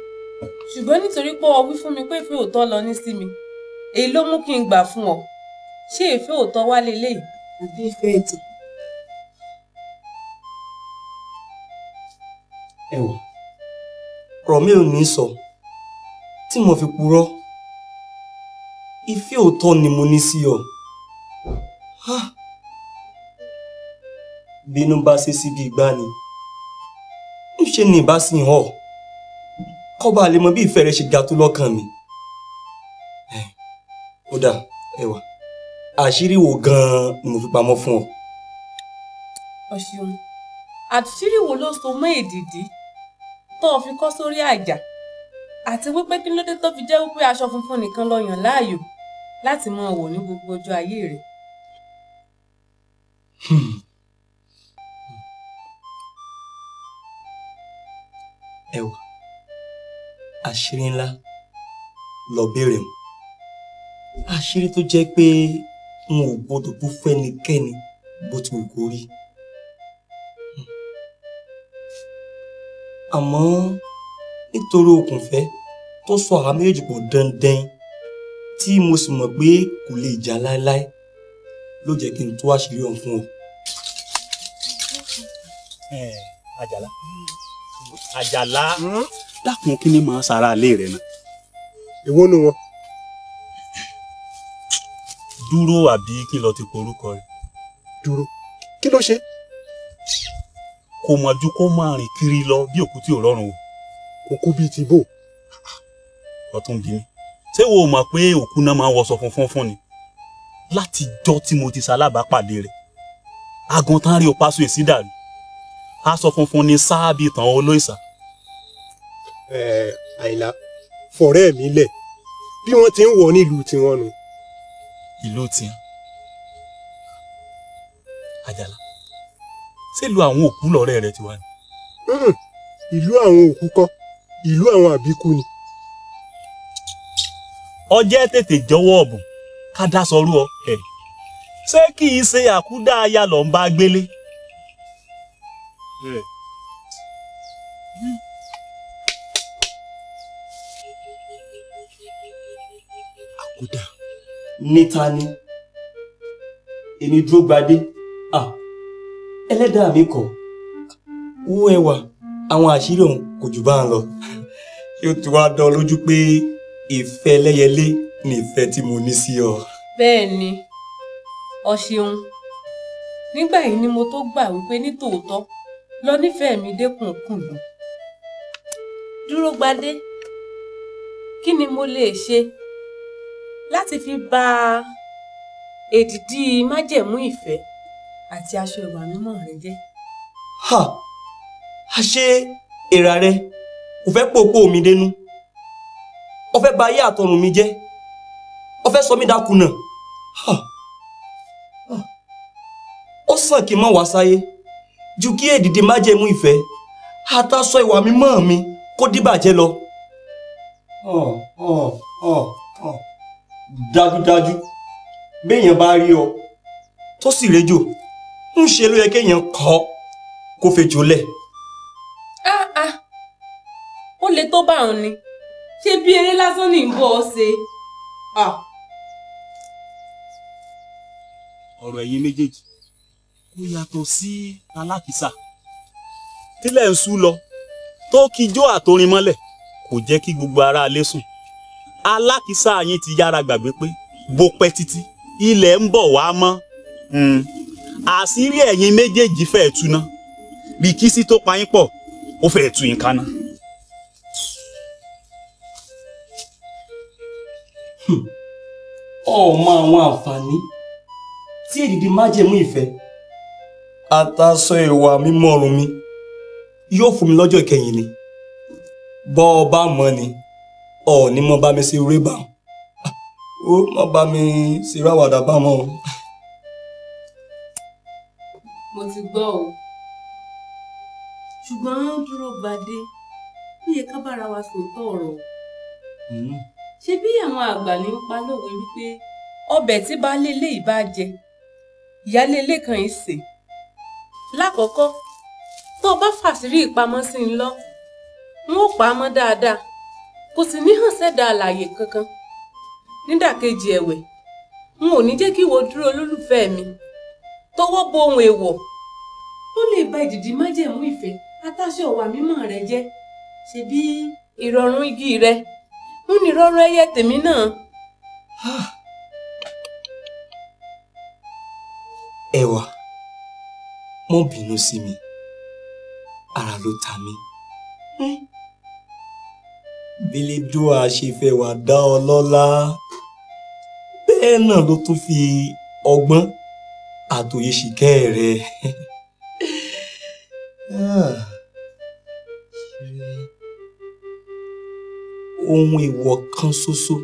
ṣùgbọ́n nítorí pé ọ wí fún mi pé ìfẹ́ òótọ́ lọ ní sí mi èyí ló mú kí n gbà fún ọ ṣé ìfẹ́ òótọ́ wá leléyìí àbí ìfẹ́ ìtàn. ẹ wò ọ̀rọ̀ mi ò ní sọ tí mo fi purọ́ ìfẹ́ òótọ́ ni mo ní sí ọ. bínú bá ṣe síbi ìgbà ni ń ṣe ni ìbá sì hàn kọ́ba lè mọ bí ìfẹ́ rẹ ṣe ga tó lọ́kàn mi. ó dà ẹwà àṣírí wo gan-an ni mo fi pamọ́ fún ọ. o àṣírí wo ló so mọ́ èdìdí tó o fi kọ́ sórí àjà àti wípé kí ló dé tó fi jẹ́ wípé aṣọ funfun nìkan ló yàn láàyò láti máa wọ̀ ní gbogbo ọjọ́ ayé rẹ̀. Hmm. ẹwà àṣírí ńlá lọ bẹ̀rẹ̀ mu àṣírí tó jẹ́ pé. Pe n ò gbọdọ̀ bú fẹ́nikẹ́ni bó ti wù kó rí. àmọ́ nítorí okùnfẹ́ tó sọ àwa méjèèjì pọ̀ dandan tí mo sì mọ̀ pé kò lè jà láéláé ló jẹ́ kí n tú àṣírí ọ̀hún fún ọ. àjàlá àjàlá dákun kí ni màá sara ilé rẹ náà. èwo wọn dúró àbí kí lọ ti porúkọ rẹ̀. dúró kí ló ṣe. kò mọ̀ ju kó máa rìn kiri lọ bí òkú tí ò o. òkú bíi ti bò. ọtún bí mi ṣé wo mọ̀ pé òkú náà máa ń wọṣọ funfun fún ni látijọ́ tí mo ti ṣalábàápàdé rẹ̀ agan tán rí o pásọ èsì dàrú aṣọ funfun ni sáábì tán olóìsà. ẹ àìlá fọ̀rẹ́ mi lẹ̀ bí wọ́n ti ń wọ̀ nílùú tiwọn nù ìlú tiẹ̀ àjàlá ṣé ìlú àwọn òkú lọ́rẹ́ rẹ ti wá ni. ìlú àwọn òkú kọ́ ìlú àwọn àbíkú ni. ọjẹ́ tètè jọ̀wọ́ ọ̀bùn ká dá sọrú ọ ẹ̀ ṣé kì í ṣe àkúdá aya ló bá gbélé. àkúdá níta ni èmi dúró gbadé à ẹlẹ́dàá mi kọ̀ wú ẹwà àwọn àṣírí òun kò jù bá ń lọ yóò ti wá dán lójú pé ìfẹ́ ẹlẹ́yẹlé ni ìfẹ́ tí mo ní sí ọ. bẹ́ẹ̀ ni o ṣeun nígbà yìí ni mo tó gbà wípé ní tòótọ́ lọ nífẹ̀ẹ́ mi dẹ́kun kùlù dúró gbadé kí ni mo lè ṣe láti fi ba èdìdí májẹ̀mú ìfẹ́ àti aṣọ ìwà mímọ́ rẹ jẹ́. ha a ṣe èrà rẹ kò fẹ́ pòpò mi dénú ó fẹ́ ba ayé àtọ̀run mi jẹ́ ó fẹ́ sọ mí dákunà ó sàn kí n má wá sáyé ju kí èdìdí májẹ̀mú ìfẹ́ àtàsọ ìwà mímọ́ mi kó dìbàjẹ́ lọ. oh, oh, oh. ọ̀ dájúdájú béèyàn bá rí ọ tó sì rejò ń ṣe ló yẹ kéèyàn kọ kó fejò lẹ̀. ah ah ó le tó bá òun ni ṣé bí eré lásán ní ìbò ọ ṣe. Ah. ọ̀rọ̀ ẹ̀yin méjèèjì kò yàtọ̀ sí alákìsà tílẹ̀ ń sú lọ tó kíjó àtorin mọ́lẹ̀ kò jẹ́ kí gbogbo aráalé sùn alákìísà yín ti yára gbàgbé pé bó pẹ́ títí ilẹ̀ ń bọ̀ wá mọ́ hmm. àṣírí ẹ̀yin méjèèjì fẹ́ẹ̀ tú ná rìkísí tó pa pọ̀ ó fẹ́ẹ̀ tú yín kaná. ọmọ àwọn àǹfààní tí èdìdì májẹ̀mú ìfẹ́ àtàsọ ìwà mímọ́ ọ̀run mi yóò fún mi lọ́jọ́ ìkẹyìn ni bọ́ ọ bá mọ̀ ni. ọ ní mo bá mi ṣe orí bá ó mo bá mi ṣe ráwàdà bá mọ. mo ti gbọ́ o ṣùgbọ́n dúró gbadé bí ẹ̀ka bára wa sòótọ́ ọ̀rọ̀ hmm. ṣe bí àwọn àgbà ní ń pa lówe wípé ọbẹ̀ tí baálé ilé ìbá jẹ ìyálé ilé kan ì sè lákọ̀ọ́kọ́ tó o bá fàṣírí ìpamọ́ sí i lọ n ó pa á mọ́ dáadáa kò sì ní hàn sẹ́dá àlàyé kankan nídàkejì ẹ̀wẹ̀ n ò ní jẹ́ kí wo dúró olólùfẹ́ mi tọwọ́ bo ohun èèwọ̀ tó lè ba ìdìdì májẹ̀mú ìfẹ́ atáṣọ ọ̀wà mímọ́ rẹ jẹ́ ṣebí ìrọ̀rùn igi rẹ ń ní rọ́rọ́ ẹyẹ tèmi náà. ẹwà mọ́ bínú sí mi ara ló ta mí. Mm. bẹ́lẹ́dùà ṣe fẹ́ wá dá ọ lọ́lá bẹ́ẹ̀ náà ló tún fi ọgbọ́n àtòyè ṣìkẹ́ rẹ̀ ohun èèwọ̀ kan ṣoṣo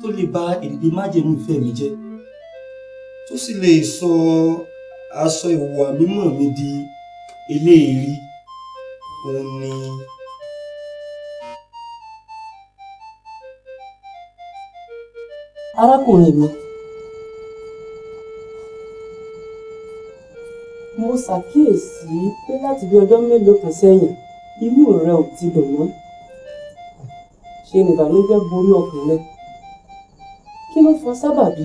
tó lè ba èdè májẹ̀mú ìfẹ́ mi jẹ́ tó sì lè sọ aṣọ ìwà mímọ́ mi di eléèrí òun ni. arákùnrin mi mo ṣàkíyèsí pé láti bí ọjọ́ mélòó kan sẹ́yìn inú rẹ ò ti dùn mọ́ ṣe nìbànújẹ́ borí ọkàn rẹ kí ló fọ sábàbí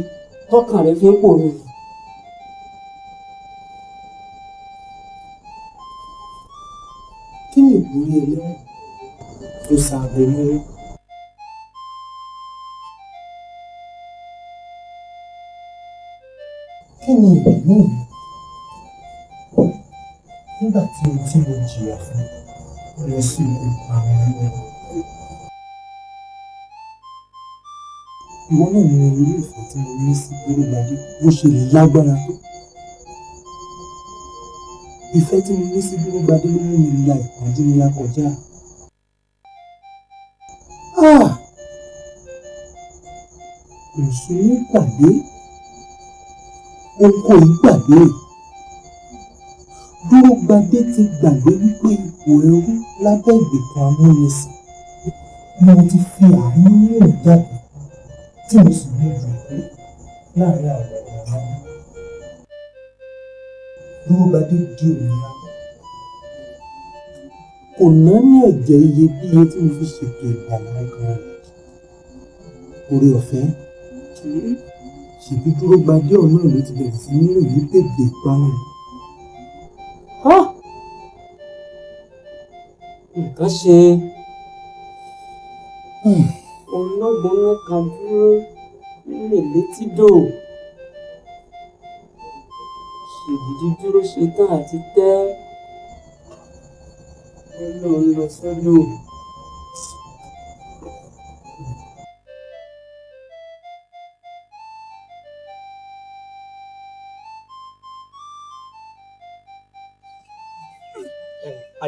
tọkàn rẹ fi ń pòrò yìí. kí ni ìwúrí eléwọ̀n tó ṣàbẹ̀wò kí ni ìbínú mi nígbà tí mo ti lè jìyà fún ó lọ sí ilé ìpamọ́ ẹgbẹ́ ìwọ náà ni ilé ìfẹ́ tí mo ní sí gbélégbadé bó ṣe lè lágbára tó tí mo ní sí gbélégbadé ló mú mi la ìpọ́njú mi lákọjá. Ah! kò sí ní pàdé oko ìgbàgbé Dúrógbadé ti gbàgbé wípé ipò ẹrú lábẹ́ ìgbèkùn amúnisìn ni mo ti fi àánú ní ìjáde tí mo sì ní ìgbàgbé láàrin àwọn ọmọ mi. Dúrógbadé di òmìnira kò ná ní ẹ̀jẹ̀ iyebíye tí mo fi ṣètò ìgbàlá gan-an orí ọ̀fẹ́ ṣèbí dúró gbadé ọ̀nà ló ti bẹ̀rẹ̀ sí nílò yìí bèbè ìparun. nǹkan ṣe hmm. ọlọ́gbọ́n kan dúró nílé létídò ṣègìdì dúró ṣetán àti tẹ́ ẹ lọ́ọ́ lọ sọ́dọ̀.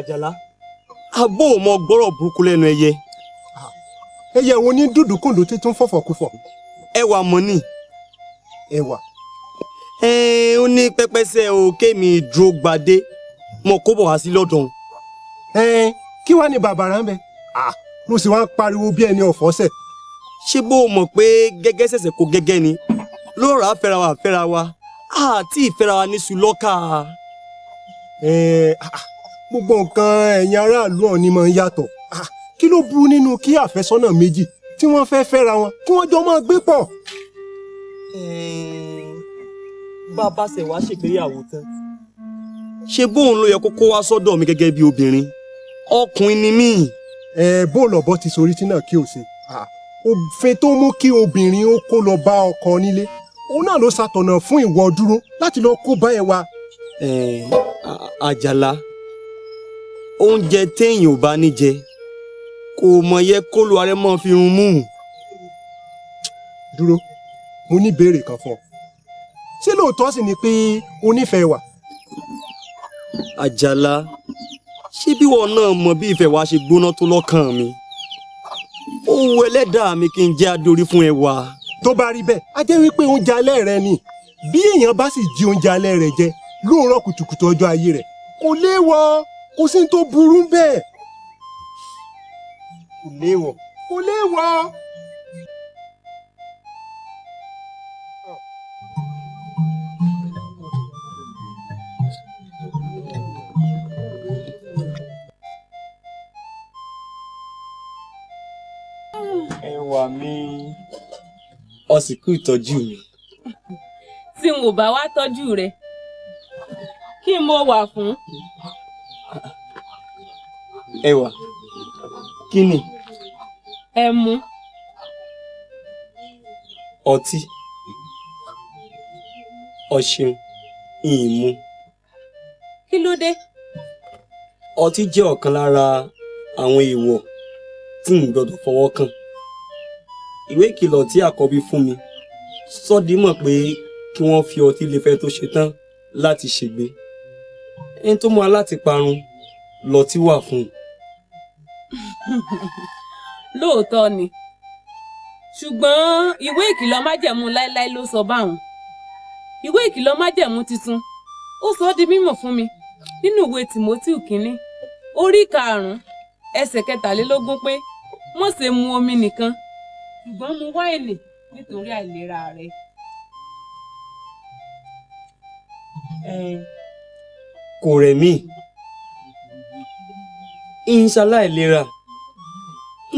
àjàlá abó mọ gbọ́rọ̀ burúkú lẹ́nu ẹyẹ. ẹyẹ wo ní dúdúkúndùn tí tún fọ̀fọ̀kúfọ̀. ẹwà mọ ni. ẹwà. ẹ ó ní pẹpẹsẹ òkè mi dúró gbadé mo kó bọ̀ wá sí lọ́dọ̀. ẹ kí wàá ní bàbàrà ń bẹ mo sì wáá pariwo bí ẹni ọ̀fọ́sẹ̀. ṣé bó o mọ̀ pé gẹ́gẹ́ ṣẹ̀ṣẹ̀ kó gẹ́gẹ́ ni lóòrà fẹ́ra wa fẹ́ra wa àti ìfẹ́ra wa ní sùlọ́kà. ẹ ah gbogbo nǹkan ẹ̀yin aráàlú ọ̀hún ni máa ń yàtọ̀ ah, kí ló burú nínú kí àfẹ́sọ́nà méjì tí wọ́n fẹ́ fẹ́ra wọn kí wọ́n jọ máa gbé pọ̀. bá a bá ṣe wá ṣègbéyàwó tán. ṣé bóun ló yẹ kó kó wá sọ́dọ̀ mi gẹ́gẹ́ bí obìnrin ọkùnrin ni mí. ẹ bóòlù ọ̀bọ ti sorí tí náà kí o ṣe ah, òfin tó mú kí obìnrin ó kó lọ bá ọkọ nílé òun náà ló ṣàtọ̀nà fún ìwọ dúró láti lọ kó bá ẹ wá. àjàlá oúnjẹ téèyàn ò bá ní jẹ kò mọ̀ yẹ kó lu ààrẹ mọ́ fi run mú. dúró mo ní ìbéèrè kan fún ọ ṣé lóòótọ́ sì ni pé o nífẹ̀ẹ́ wa. àjàlá ṣé bí wọn náà mọ bí ìfẹ́ wa ṣe gbóná tó lọ́kàn mi ó wu ẹlẹ́dàá mi kí n jẹ́ adorí fún ẹwà. tó bá rí bẹ́ẹ̀ a jẹ́ wípé oúnjẹ alẹ́ rẹ ni bí èèyàn bá sì jí oúnjẹ alẹ́ rẹ jẹ lóòrọ̀ kùtùkùtù ọjọ́ ayé rẹ̀ kò léèwọ̀ kò sí ní tó burú bẹ́ẹ̀ kò léèwọ̀ kò léèwọ̀. ẹwà mi ọ sì kú ìtọ́jú mi. tí n ò bá wá tọ́jú rẹ kí n mo wà fún ẹwà kí ni. ẹmu. ọtí ọṣeun ìmú. kí ló dé. ọtí jẹ́ ọ̀kan lára àwọn èèwọ̀ tí n gbọ́dọ̀ fọwọ́ kàn. ìwé ìkìlọ̀ tí àkọ́bí fún mi sọ́dí mọ̀ pé kí wọ́n fi ọtí lefẹ́ tó ṣe tán láti ṣègbè ẹni tó mú a láti parun lọtí wà fún un. lóòótọ́ ni ṣùgbọ́n ìwé ìkìlọ̀ májẹ̀mú láéláé ló sọ báwọn ìwé ìkìlọ̀ májẹ̀mú tuntun ó sọ ọ́ di mímọ̀ fún mi nínú ìwé Tímótì kínní orí karùn-ún ẹsẹ̀ kẹtàlélógún pé mọ̀ ṣe mu omi nìkan ṣùgbọ́n mu wáìnì nítorí àìlera rẹ. Eh. kò rẹ̀ mí ń ṣaláìlera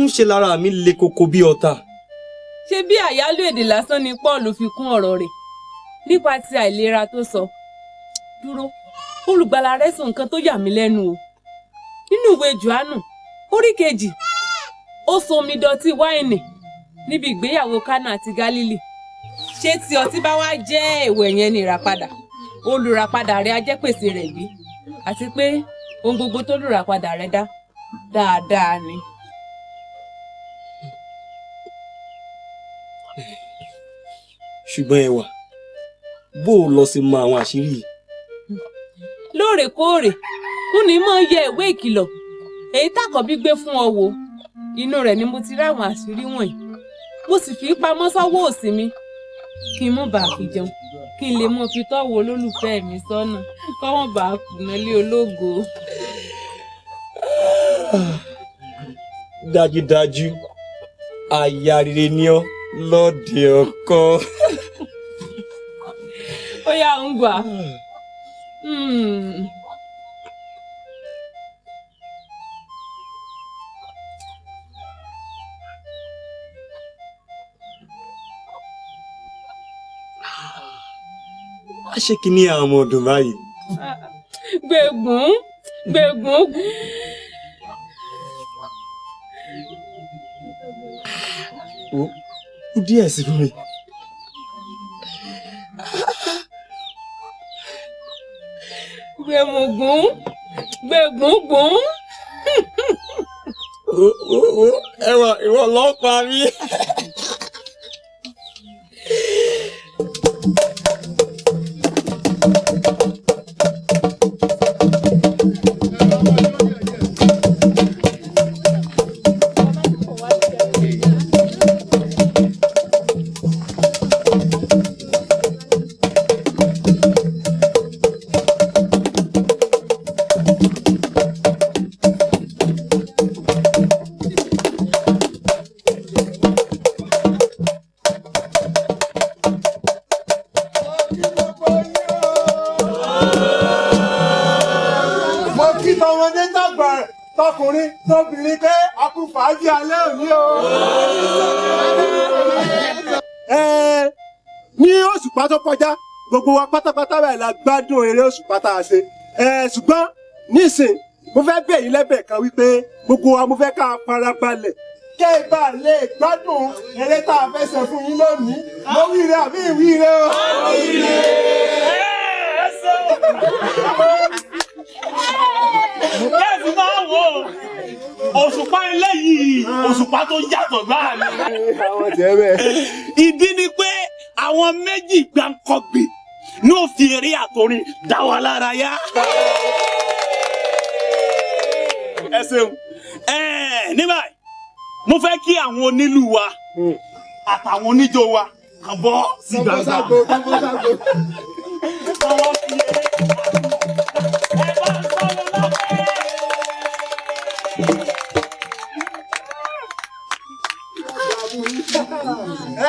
ń ṣe lára mi le koko bí ọ̀tá. ṣé bí àyálò èdè lásán ni Paul fi kún ọ̀rọ̀ rẹ̀ nípa ti àìlera tó sọ dúró olùgbàlà rẹ̀ sọ nǹkan tó yà mí lẹ́nu o nínú ìwé Jòhánù orí kejì ó so omi dọtí wáìnì níbi ìgbéyàwó Kánà àti Gálílì ṣé tí ọtí bá wá jẹ́ èèwọ̀ yẹn ni ìràpadà. olùràpadà rẹ ajẹ́pèsè rẹ̀ gbé àti pé ohun gbogbo tó lùràpadà rẹ dá dáadáa ni. ṣùgbọ́n ẹwà bó o lọ sí mọ àwọn àṣírí yìí. lóòrèkóòrè kúni máa ń yẹ ìwé ìkìlọ̀ èyí tàkọ́bí gbé fún ọ wò inú rẹ̀ ni mo ti rí àwọn àṣírí wọ̀nyí mo sì fi pamọ́ sọ́wọ́ òsì mi kí n mú bàa fi jẹun kí n lè mọ fi tọ́wọ́ olólùfẹ́ mi sọ́nà kọ́wọ́n bá kùnà lé ológo. dájúdájú aya rere ni ọ́ lóde ọkọ. ó yá ń gbà. Hmm. wá ṣe kí ní àwọn ọmọ ọdún báyìí. gbẹ̀gùn gbẹ̀gùn. ó díẹ̀ sí fún mi. gbẹ̀mùgùn gbẹ̀gùngùn. ẹ̀wọ̀n ìwọ lọ́ọ́ pa mí. ọjí alẹ́ òní o. ní òṣùpá tó kọjá gbogbo wa pátápátá báyìí la gbádùn eré òṣùpá tá a ṣe ṣùgbọ́n nísìn mo fẹ́ bẹ̀ yín lẹ́bẹ̀ kan wípé gbogbo wa mo fẹ́ ká a fara balẹ̀ kẹ́ ẹ bá lè gbádùn eré tá a fẹ́ ṣe fún yín lónìí mo wíire àbí ìwíire o. àbí ìwíire lẹ́ẹ̀fì máa wò ó òṣùpá eléyìí òṣùpá tó yàtọ̀ gbáà ni. ìdí ni pé àwọn méjì gbàǹkọ̀gbì ní òfin eré àtòrin dá wa lára yá. ẹ ṣeun ní báyìí mo fẹ́ kí àwọn onílù wa àtàwọn oníjó wa kàn bọ́ sí gbàgbà.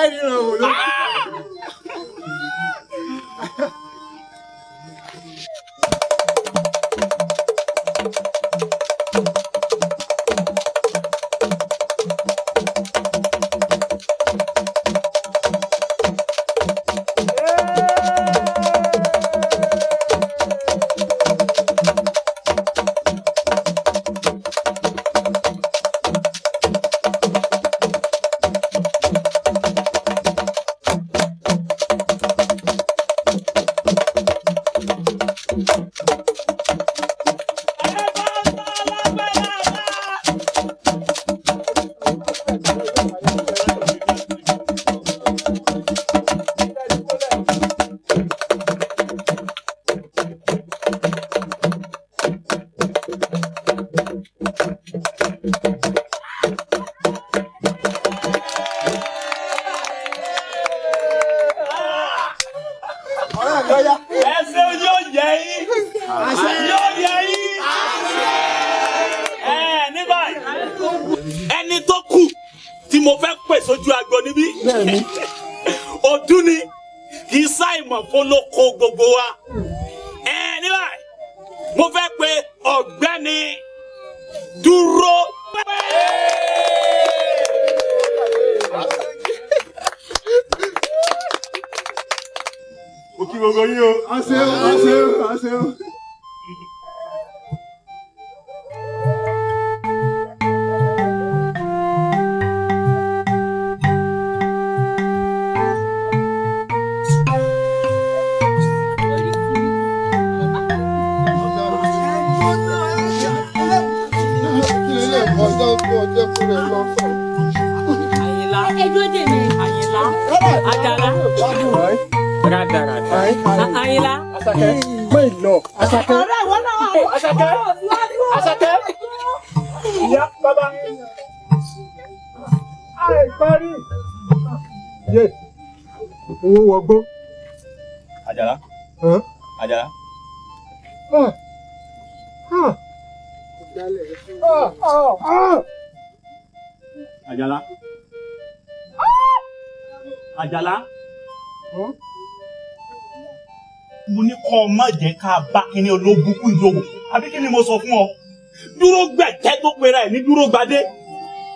I don't know. ọgbọ́n. àjàlá. àjàlá. àjàlá. àjàlá. mo ní kọ́ ọ má jẹ́ ká bá kíní ológun kú ìdòwò àbí kí ni mo sọ fún ọ dúró gbẹ̀tẹ́ tó pera ẹ̀ ní dúró gbadé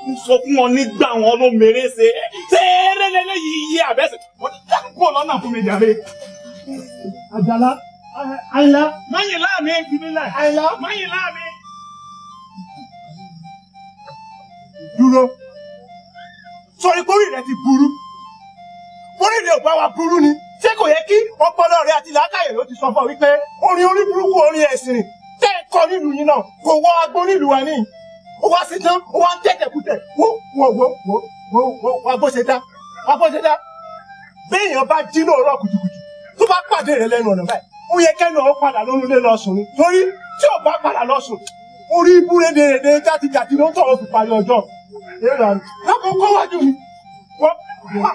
n sọ fún ọ nígbà wọn ló mèrè ṣe ṣe eré lélẹ́yìí iye àbẹ́sẹ̀ kó lọ́nà fún mi jàre. àjàlá àyìnlá. máyìnlá mi ìbílẹ̀. àyìnlá máyìnlá mi. dúró sọrí pórí rẹ ti burú pórí rẹ ò bá wa burú ni ṣé kò yẹ kí ọpọlọ rẹ àti làákàyè ló ti sọ fún ọ wípé orin orí burúkú orin ẹ̀sìn tẹ́ ẹ kọ nílùú yín náà kò wọ agbó nílùú wa níyì ó wá sí tán ó wá ń tẹ̀tẹ̀kùtẹ̀ wó wó wó wó wó wá dá wá dá béèyàn bá jí lóòrọ̀ kùtùkùtù tó bá pàdé rẹ lẹ́nu ọ̀nà báyìí ó yẹ kẹ́nu ọ padà lórí ilé lọ́sùn ni torí tí ò bá padà lọ́sùn orí búrẹ́dẹ rẹ̀dẹ játijàti ló ń tọ̀wọ́ fi parí ọjọ́ lápò kọ́wájú mi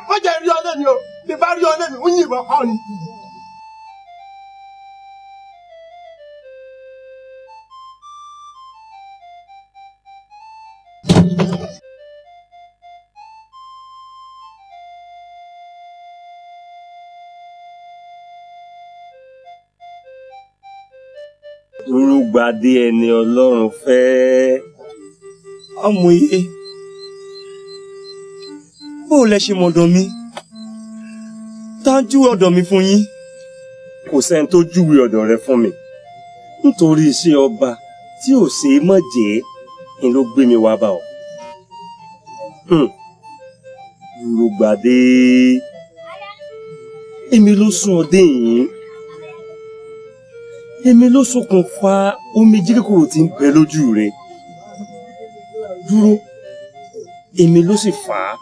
wọ́n jẹ́ rí ọ lẹ́nu o bí bá rí ọ lẹ́nu ó yìnbọn pa ọ ni. gbogbo adé ẹni ọlọ́run fẹ́ ọmọye bó lẹ ṣe mọ̀dọ̀ mi tájú ọ̀dọ̀ mi fún yín kò sẹ́ni tó júwe ọ̀dọ̀ rẹ fún mi nítorí iṣẹ́ ọba tí ò ṣe é mọ̀ jẹ́ ni ló gbé mi wá bá ọ. Yorùbá hmm. dé èmi ló sún ọdẹ yìí èmi ló ṣokùnfà omi jíríkòrò tí ń bẹ lójú rẹ dúró èmi ló sì fà á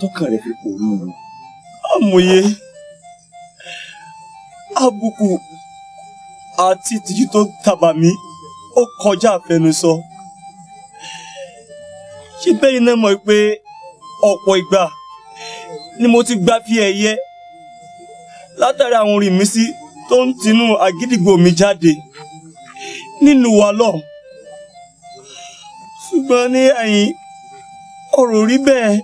tọkàn rẹ fi pòrúurú. amòye àbùkù àti ìtìjú tó tàbà mí ó kọjá àfẹnusọ ṣé bẹ́ẹ̀ náà mọ̀ pé ọ̀pọ̀ ìgbà ni mo ti gbà fi ẹ̀yẹ látàrí àwọn orin mi sí. Si tó ń tinú àgídìgbò mi jáde nínú wa lọ ṣùgbọ́n ní ẹ̀yìn ọ̀rọ̀ rí bẹ́ẹ̀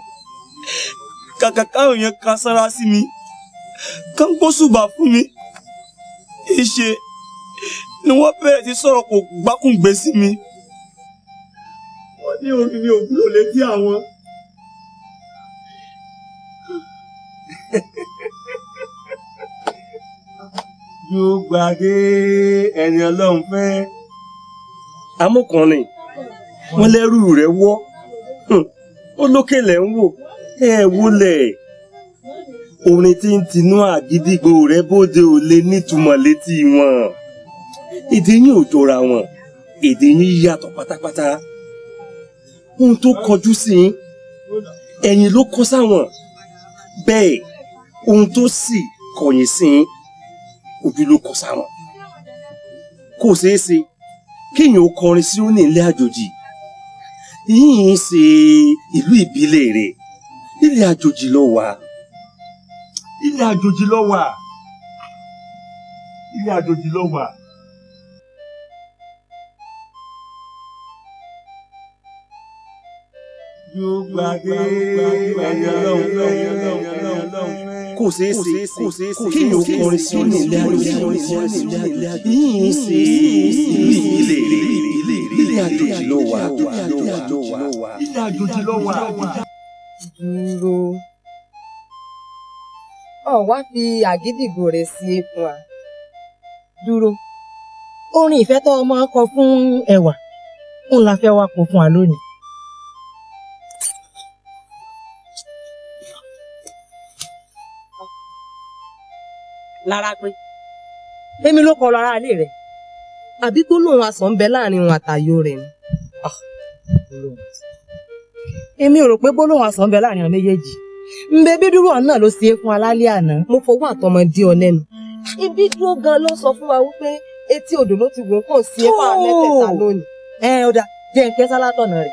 kàkà káwọn yẹn ka sára sí mi ká ń gbóṣùbà fún mi ìṣe ni wọ́n bẹ̀rẹ̀ sí sọ̀rọ̀ kò gbákùngbé sí mi wọ́n ní orí mi ò kúrò létí àwọn. ojú gbadé ẹni ọlọ́run fẹ́. amúkùnrin wọn lẹ́rù rẹ̀ wọ́ ó lókè lẹ̀ ń wò ẹ wúlẹ̀ orin tí ń tinú àgídìgbò rẹ bóde ò lè nítumọ̀ létí wọn èdè yín ò jọra wọn èdè yín yàtọ̀ pátápátá ohun tó kọjú sí ẹ̀yìn ló kọ sáwọn bẹ́ẹ̀ ohun tó sì kọ̀yìn sí i ojú ló kọ sáwọn kò ṣeé ṣe kéèyàn ó kọrin sí òní ilé àjòjì yìí ń ṣe ìlú ìbílẹ̀ rẹ̀ ilé àjòjì ló wà ilé àjòjì ló wà ilé àjòjì ló wà. yóò gbàgbé ẹyọ lọ́wọ́ ẹyọ lọ́wọ́ ẹyọ lọ́wọ́ kò ṣeé ṣe kí ni òkùnrin sí ní ilé ayé yìí ṣe ìlú ilé rè ilé àjòjì ló wà ilé àjòjì wà. dúró ọ̀ wá fi àgídìgbò rẹ̀ sí eékún à dúró orin ìfẹ́ tó ọmọ kọ fún ẹwà ń la fẹ́ wá kó fún wa lónìí. lára pé èmi ló kọlu ara ilé rẹ àbí gbólóhùn asọ̀ ń bẹ láàrin òun àtàyò rẹ ni. Ah, èmi ò rò pé gbólóhùn asọ̀ ń bẹ láàrin àwọn méjèèjì ǹbẹ bí dúró náà ló ṣe é fún alálẹ́ àná mo fọwọ́ àtọmọ dí ọ lẹ́nu. ibi dúró gan ló sọ fún wa wípé etí odò ló ti wò ó kàn sí é fún àwọn mẹ́tẹ̀ẹ̀ta lónìí. ẹ ọ̀dà jẹ́ ń pẹ́ rẹ̀.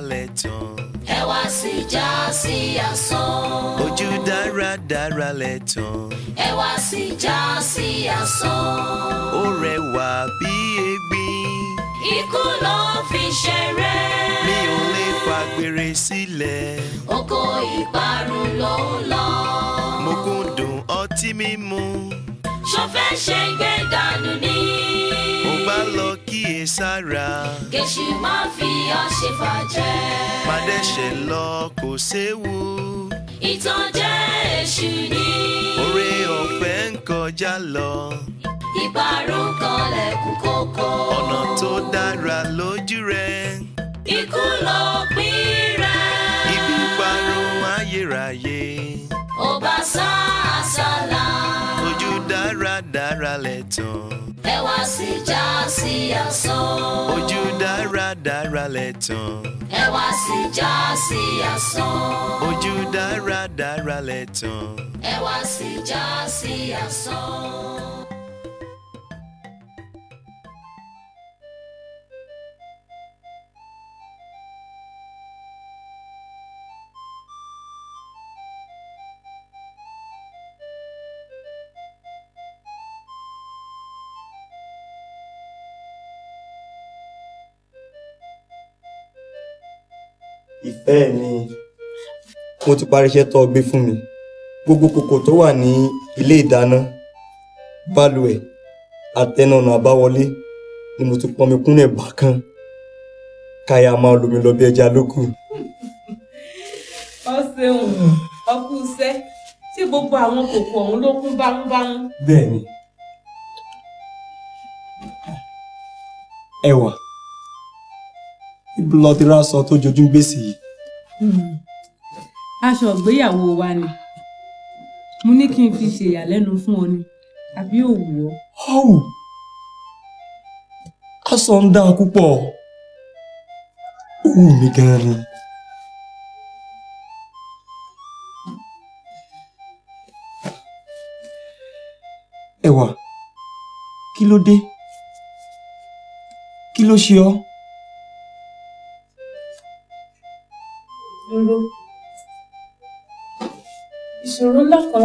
balẹ̀ tán. ẹ wá sí Jásí Àsán. ojú dáradára lẹ̀ tán. ẹ wá sí Jásí Àsán. ó rẹwà bí egbin. ikú ló fi ṣeré. mi ò lè fagbére sílẹ̀. oko ìparun ló ń lọ. mo kúndùn ọtí mímu. ṣo ṣe gbé dànù ni lọ kíyè sára. Kèṣù máa fi ọṣẹ fàjẹ́. Pàdéṣẹ̀ lọ kò séwu. Ìtànjẹ èṣù ni. Oore ọ̀fẹ́ ń kọjá lọ. Ìparun kan lẹ̀kùn kókó. Ọ̀nà tó dára lójú rẹ̀. Ikú ló pín rẹ̀. Ibi ìparun ayérayé. Ọba sá àsálà. Ojú dáradára lẹ̀ tán. ẹ já sí jásí àsán. ojú dáradára lẹ tán. ẹ já sí jásí àsán. ojú dáradára lẹ tán. ẹ já sí jásí ìfẹ́ mi mo ti parí iṣẹ́ tó o gbé fún mi gbogbo kòkò tó wà ní ilé ìdáná balùwẹ̀ àtẹnànà àbáwọlé ni mo ti pọnmi kúnlẹ̀ bákan káyà máa lomi lọ bí ẹja lókù. ọ ṣeun ọkú iṣẹ́ tí gbogbo àwọn kòkò ọ̀hún ló kún bámúbámú. bẹ́ẹ̀ni ẹwà. Eh, lọ ti rán aṣọ tó jojú gbèsè yìí. Hmm. aṣọ ìgbéyàwó wa ni mo ní kí n fi ṣèyàlẹ́nu fún ọ ni àbí òwú ọ. ọ̀hún aṣọ ń dáa púpọ̀ ó wù gan-an ni. ẹ̀wà kí ló dé kí ló ṣe ọ́.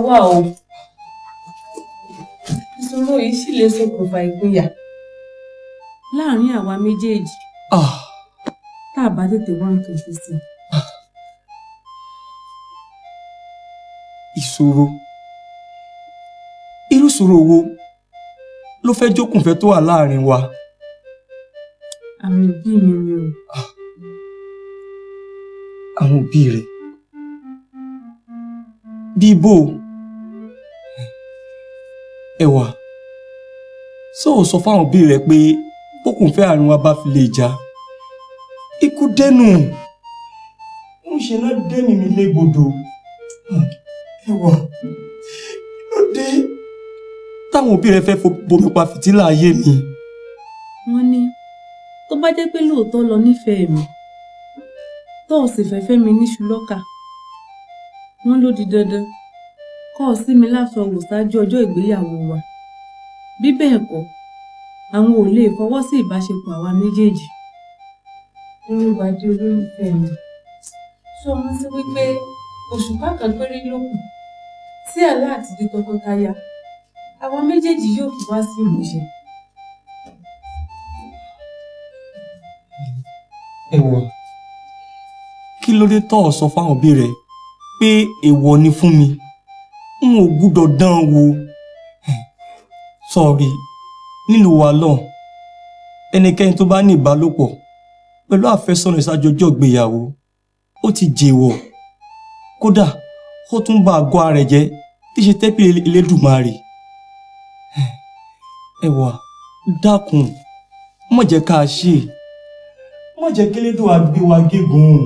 wà o ìṣòro yìí sì lè ṣokùnfà ìpínyà láàrin àwa méjèèjì ah. tá a bá tètè wá nǹkan ṣe sí i. Ah. ìṣòro irú ìṣòro wo ló fẹ́ jókùnfẹ́ tó wà láàrin wa. àwọn òbí mi ni o. Ah. àwọn òbí rẹ bíbó o ẹwà ṣé ò sọ fáwọn òbí rẹ pé bókùnfẹ́ àrùn wa bá fi lè já ikú dẹnu ń ṣe náà dẹ́mi mi légbodò ẹwà ló dé táwọn òbí rẹ fẹ́ bomi pa fìtílà ayé mi. wọ́n ní tó bá jẹ́ pé lóòótọ́ lọ nífẹ̀ẹ́ mi tó ò sì fẹ́ fẹ́ mi níṣu lọ́kà wọ́n ló di dandan kọ́ ọ sí mi láṣọ wò ṣáájú ọjọ́ ìgbéyàwó wa bí bẹ́ẹ̀ kọ́ àwọn ò lè fọwọ́ sí ìbáṣepọ̀ àwa méjèèjì. olúwa di olólùfẹ́ mi ṣé o rántí wípé oṣù kákan péré ló kù tí àlá àti di tọkọtaya àwa méjèèjì yóò fi wá sí ìmúṣẹ. ẹ̀wọ̀ kí ló dé tó ọ sọ fáwọn òbí rẹ pé èèwọ̀ ni fún mi n ò gbúdọ̀ dán wò hmm. sọ̀rí nílùú wa lọ́hùn ẹnikẹ́ni tó bá ní ìbálòpọ̀ pẹ̀lú àfẹ́sọ́nà ìṣáájú ọjọ́ ìgbéyàwó ó ti jèèwọ̀ kódà ó tún bá àgọ́ ara rẹ̀ jẹ́ tí ṣe tẹ́pì Elédùmarè hmm. ẹwà dákun má jẹ́ ká a ṣe má jẹ́ kí Elédùà gbé wa gégùn.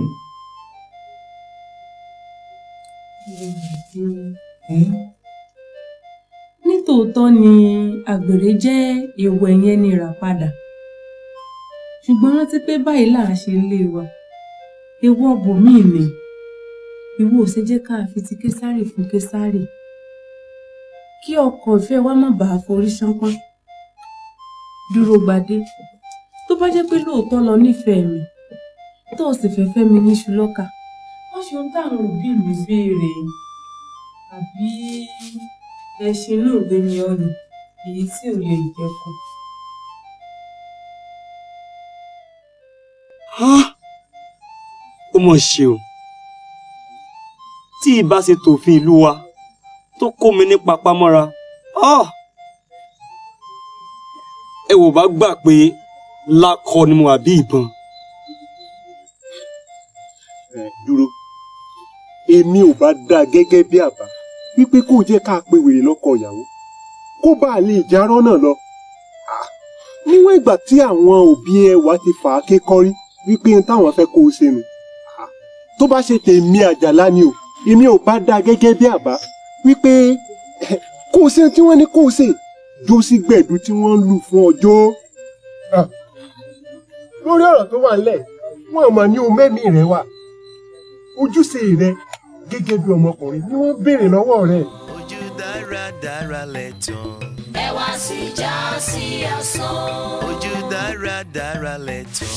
Mm-hmm. Nítòótọ́ ni àgbèrè jẹ́ èèwọ̀ ẹ̀yàn ẹni ràpadà ṣùgbọ́n rántí pé báyìí là ń ṣe ilé wa èèwọ̀ ibòmíì ni ìwọ ò ṣe jẹ́ ká fi ti Késárì fún Késárì kí ọkọ̀ ìfẹ́ wa má baà forí ṣánpọ́n. Dúró gbadé tó bá jẹ́ pé lóòótọ́ lo nífẹ̀ẹ́ mi tó o sì fẹ́ fẹ́ mi níṣu lọ́kà má ṣe ohun táwọn òbí mi béèrè àbí ẹṣin olóògbé ni ọ ni èyí tí ò lè jẹko. Ah! ó mọ̀ ṣe o tí ibà ṣe tòfin ìlú wa tó kó mi ní papámọ́ra ah! ẹ wò bá gbà pé lákọ ni mo àbí ìbọn. dúró èmi ò bá dáa gẹ́gẹ́ bí àbá wípé kò jẹ́ ká pe wèrè lọ́kọ ìyàwó kó bá lè jarọ́ náà lọ. níwọ̀n ìgbà tí àwọn òbí ẹwà ti fà á ké kọ́rí wípé n táwọn fẹ́ kó o ṣe nù. tó bá ṣe tèmi àjàlá ni o èmi ò bá dáa gẹ́gẹ́ bí àbá wípé kó o ṣe tí wọ́n ní kó o ṣe jó sí gbẹ̀dú tí wọ́n ń lù fún ọjọ́. lórí ọ̀rọ̀ tó wà ńlẹ̀ wọ́n mọ̀ ní o mẹ́mí rẹ wà ojúṣe rẹ gẹ́gẹ́ bí ọmọkùnrin ni wọ́n béèrè lọ́wọ́ rẹ̀. ojú dáradára lẹ̀ tán. ẹ wá sí já sí ọ̀sán. ojú dáradára lẹ̀ tán.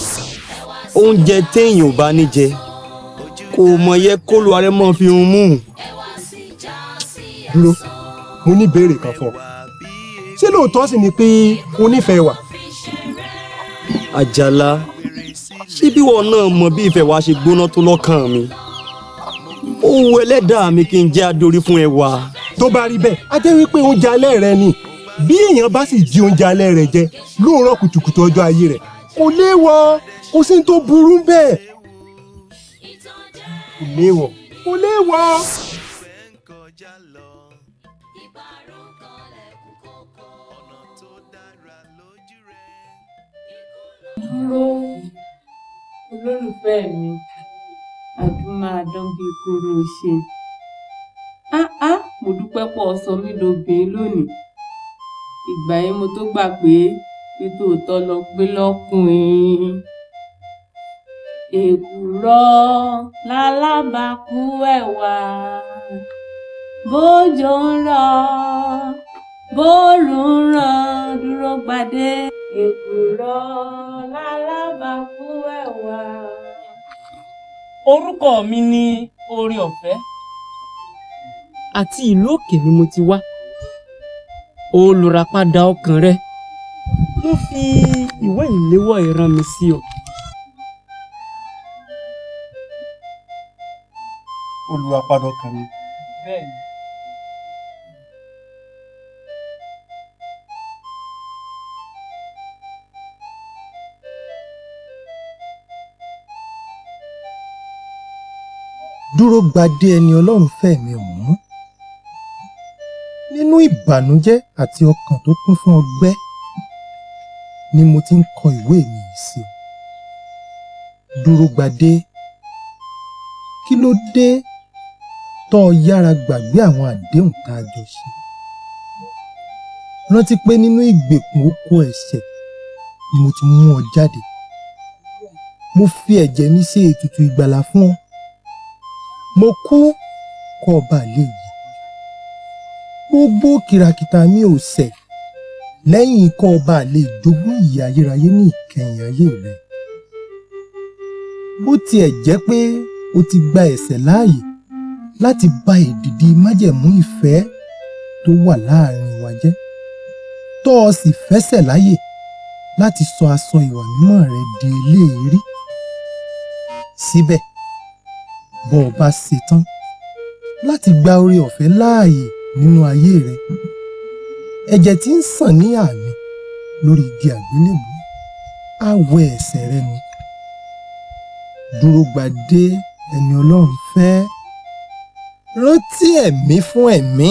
oúnjẹ téèyàn ò bá ní jẹ kò mọ̀ yẹ kó lu ààrẹ mọ́ fi hun mú un. dúró mo ní ìbéèrè kan fún ọ ṣé lóòótọ́ sì ni pé o nífẹ̀ẹ́ wa. àjàlá ṣé bí wọn náà mọ bí ìfẹ́ wa ṣe gbóná tó lọ́kàn mi ó wu ẹlẹ́dàá mi kí n jẹ́ adorí fún ẹwà. tó bá rí bẹ́ẹ̀ a jẹ́ wípé oúnjẹ alẹ́ rẹ ni bí èèyàn bá sì jí oúnjẹ alẹ́ rẹ jẹ lóòrọ̀ kùtùkùtù ọjọ́ ayé rẹ̀ kò léèwọ̀ kò sí ní tó burú bẹ́ẹ̀. kò léèwọ̀ kò léèwọ̀. olólùfẹ́ mi adúmáadán bíi kóró ṣe áá mo dúpẹ́ pọ̀ sọ mí lóbìnrin lónìí ìgbà yẹn mo tó gbà pé pé tòótọ́ lọ gbé lọ́kùnrin èkùrọ́ lálábàákú ẹ̀wà bójò ń rọ̀ bóòrù ń ràn dúró gbàdé èkùrọ́ lálábàákú ẹ̀wà orúkọ mi ni oore ọ̀fẹ́. àti ìlú òkè ni mo ti wá olùràpadà ọkàn rẹ mo fi ìwé ìléwọ́ ìran mi sí ọ. olùràpadà ọkàn mi. bẹ́ẹ̀ni. dúró gbadé ẹni ọlọ́run mi ọ̀hún nínú ìbànújẹ́ àti ọkàn tó kún fún ọgbẹ́ ni mo ti ń kọ ìwé mi yìí sí o dúró gbadé kí ló dé tó o yára gbàgbé àwọn àdéhùn tá a jọ ṣe rántí pé nínú ìgbèkùn oko ẹ̀ṣẹ̀ ni mo ti mú ọ jáde mo fi ẹ̀jẹ̀ mi ṣe ètùtù ìgbàlà fún ọ mo kú kọ́ ba lè yè gbogbo kìràkìtà mi ò ṣẹ̀ lẹ́yìn kọ́ ba lè jogún ìyà ayérayé ní ìkẹyìn ayé rẹ̀ bó tiẹ̀ jẹ́ pé o ti gba ẹ̀ṣẹ̀ láàyè láti bà èdìdì májẹ̀mú ìfẹ́ tó wà láàrin wa jẹ́ tó o sì fẹsẹ̀ láyè láti sọ aṣọ ìwà mímọ́ rẹ di eléèérí síbẹ̀ bó o bá ṣetán láti gba oore-ọ̀fẹ́ láàyè nínú ayé rẹ. Ẹ̀jẹ̀ tí ń sàn ní àmì lórí igi àgbélébùú á wẹ ẹ̀ṣẹ̀ rẹ nù. Dúró gbadé ẹni Ọlọ́run fẹ́. Rántí ẹ̀mí fún ẹ̀mí.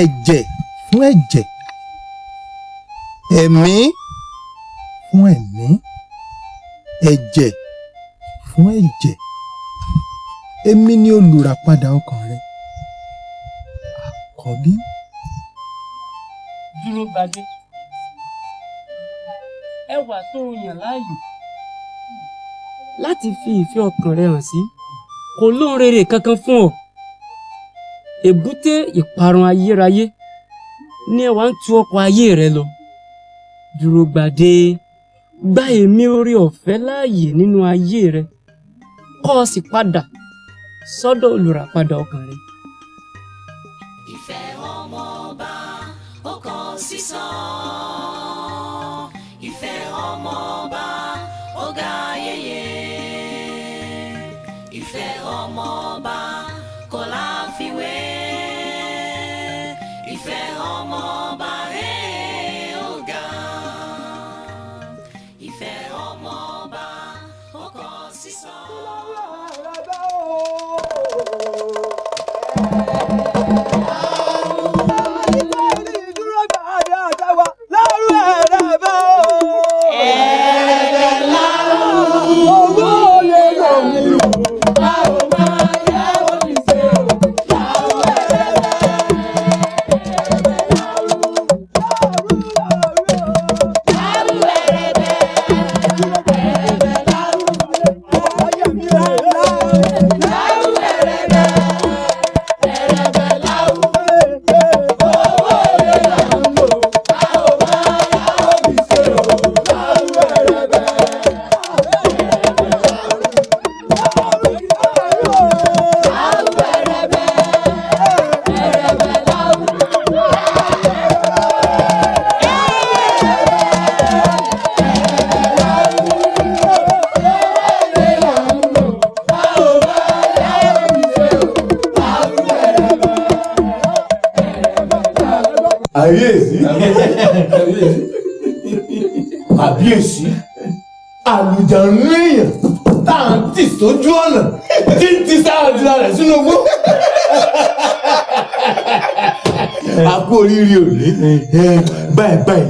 Ẹ̀jẹ̀ fún ẹ̀jẹ̀. Ẹ̀mí fún ẹ̀mí. Ẹ̀jẹ̀ fún ẹ̀jẹ̀ èmi ni olùràpadà ọkàn rẹ àkọ́bí. dúró gbadé ẹwà tó o yàn láàyò láti fi ìfẹ́ ọkàn rẹ hàn sí kò lóore kankan fún ọ èbúté ìparun ayérayé ní ẹwà ń tu ọkọ̀ ayé rẹ lọ dúró gbadé gba èmi orí ọ̀fẹ́ láàyè nínú ayé rẹ kọ́ ọ sì padà sọ́dọ̀ olùràpadà ọkàn rẹ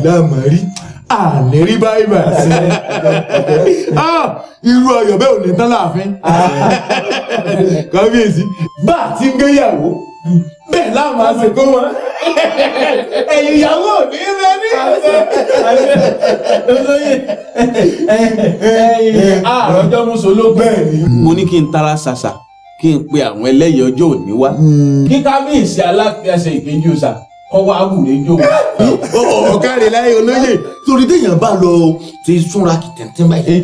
láàmú rí àní rí báyìí báyìí irú ọyọ bẹ́ẹ̀ ò ní tán láàfin kábíyèsí bá a ti ń gbéyàwó bẹ́ẹ̀ láàmú àsìkò wọn ẹ̀yìn ìyàwó ní bẹ ní. ààrẹ ọjọ́ mùsùlùmí. bẹ́ẹ̀ni. mo ní kí n tara ṣàṣà kí n pe àwọn ẹlẹ́yìí ọjọ́ òní wá. Hmm. kí kábíyèsí aláfíà ṣe ìpéjú sa kọ́wọ́ àwù ní jó. ọ̀kàrẹ̀ láyé olóyè torí téèyàn bá lọ ti súnra kìtẹ̀ntẹ̀ báyìí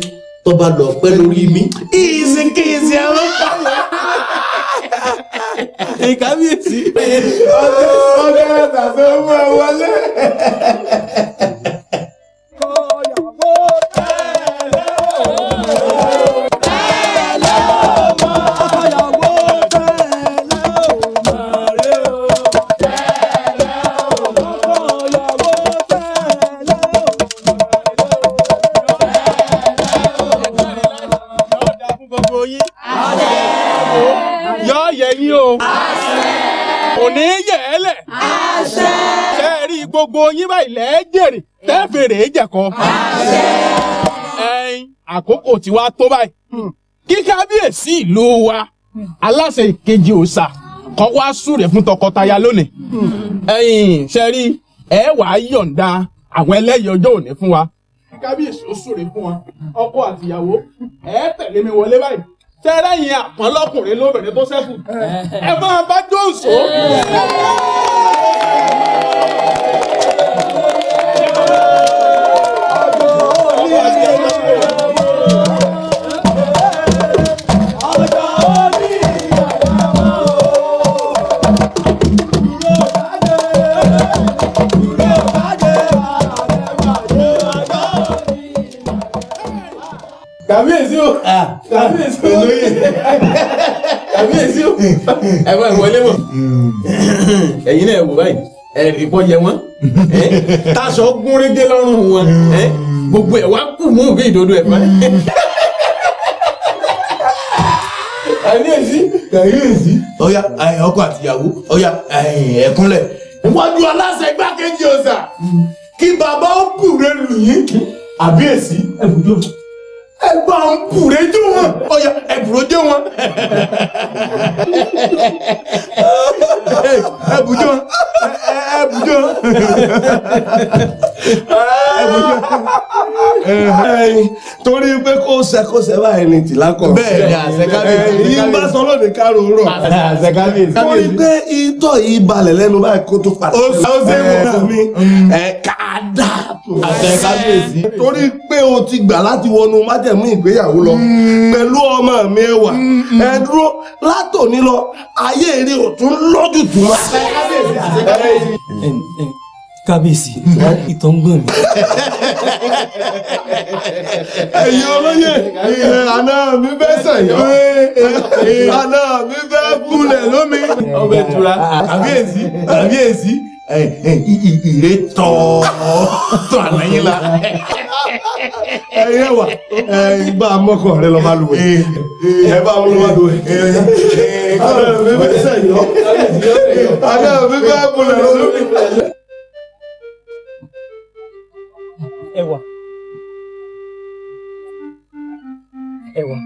tó bá lọ pẹ́ lórí mi. ìsìn kìsìn àwọn ìkábíyèsí. ọjọ́ ọjọ́ ẹ̀ta tó ń mọ̀ wọlé. wèrè éjẹ̀kọ. ẹyin àkókò tí wàá tó báyìí hmm. kí kábíyèsí ìlú wa aláṣẹ ìkejì òòṣà kó wá súre fún tọkọtaya lónìí. Hmm. ẹyin ṣẹ́rí ẹ wàá yọ̀ǹda àwọn ẹlẹ́yìí ọjọ́ òní fún wa kábíyèsí ó súre fún wa ọkọ àtìyàwó ẹ tẹ̀lé mi wọlé báyìí tẹ́rẹ́ yẹn lóbìnrin tó ṣẹ́kù ẹ máa bá dóòsó. kàbíyèsí o ah. kàbíyèsí o kàbíyèsí o ẹ̀fọ́ ìwọlé mọ̀ ẹ̀yin náà wò báyìí ẹ̀rì bọ́ yẹ wọ́n táṣọ gúnrégé lọ́rùn wọn gbogbo ẹ̀ wá kù mú òkè ìdodo ẹ̀fọ́. kàbíyèsí kàbíyèsí. ọ̀ya ọkọ àtìyàwó ọ̀ya ẹ̀kúnlẹ̀. wọ́n ju aláṣẹ igbákejì ọ̀sà mm. kí bàbá ó kù rẹ̀ lù yín kàbíyèsí. ẹ bùdó ẹ bá ń bùrẹ́jọ́ wọn ọ̀yà ẹ bùrọ́jọ́ wọn ẹ bùjọ́ ẹ bùjọ́ ẹ bùjọ́ torí pé kó sẹ́kọ̀sẹ́ báyìí ni tìlá kọ̀ bẹ́ẹ̀ ni àṣekábíyèsí yìí ń bá sọ lóde kárò rọ̀ àṣekábíyèsí torí pé itọ́ yìí balẹ̀ lẹ́nu báyìí kó tó padà ó ṣe é wọ̀ mí ẹ̀ka dà àṣekábíyèsí torí pé o ti gbà láti wọnú májẹ̀ májẹ̀mú ìgbéyàwó lọ mm. pẹ̀lú ọmọ mi ẹwà ẹ dúró látòní lọ ayé eré òtún lójú tù wá. kábíyèsí mm-hmm. ìtàn gbọ̀n mi. ẹ̀yin olóyè àná mi bẹ́ sẹ̀yọ́ àná mi bẹ́ bulẹ̀ lómi. ọbẹ̀ tura kàbíyèsí kàbíyèsí ìrè tọ̀ tọ̀ àlàyé la ẹyẹ wa ẹ bá a mọkọ rẹ lọ bá lu wẹ ẹ bá a mọkọ lọ bá lu wẹ ẹ kọ́ ẹ mi bẹ sẹ yọ àbí ẹ mi bẹ bulẹ̀ lórí. ẹ wà ẹ wà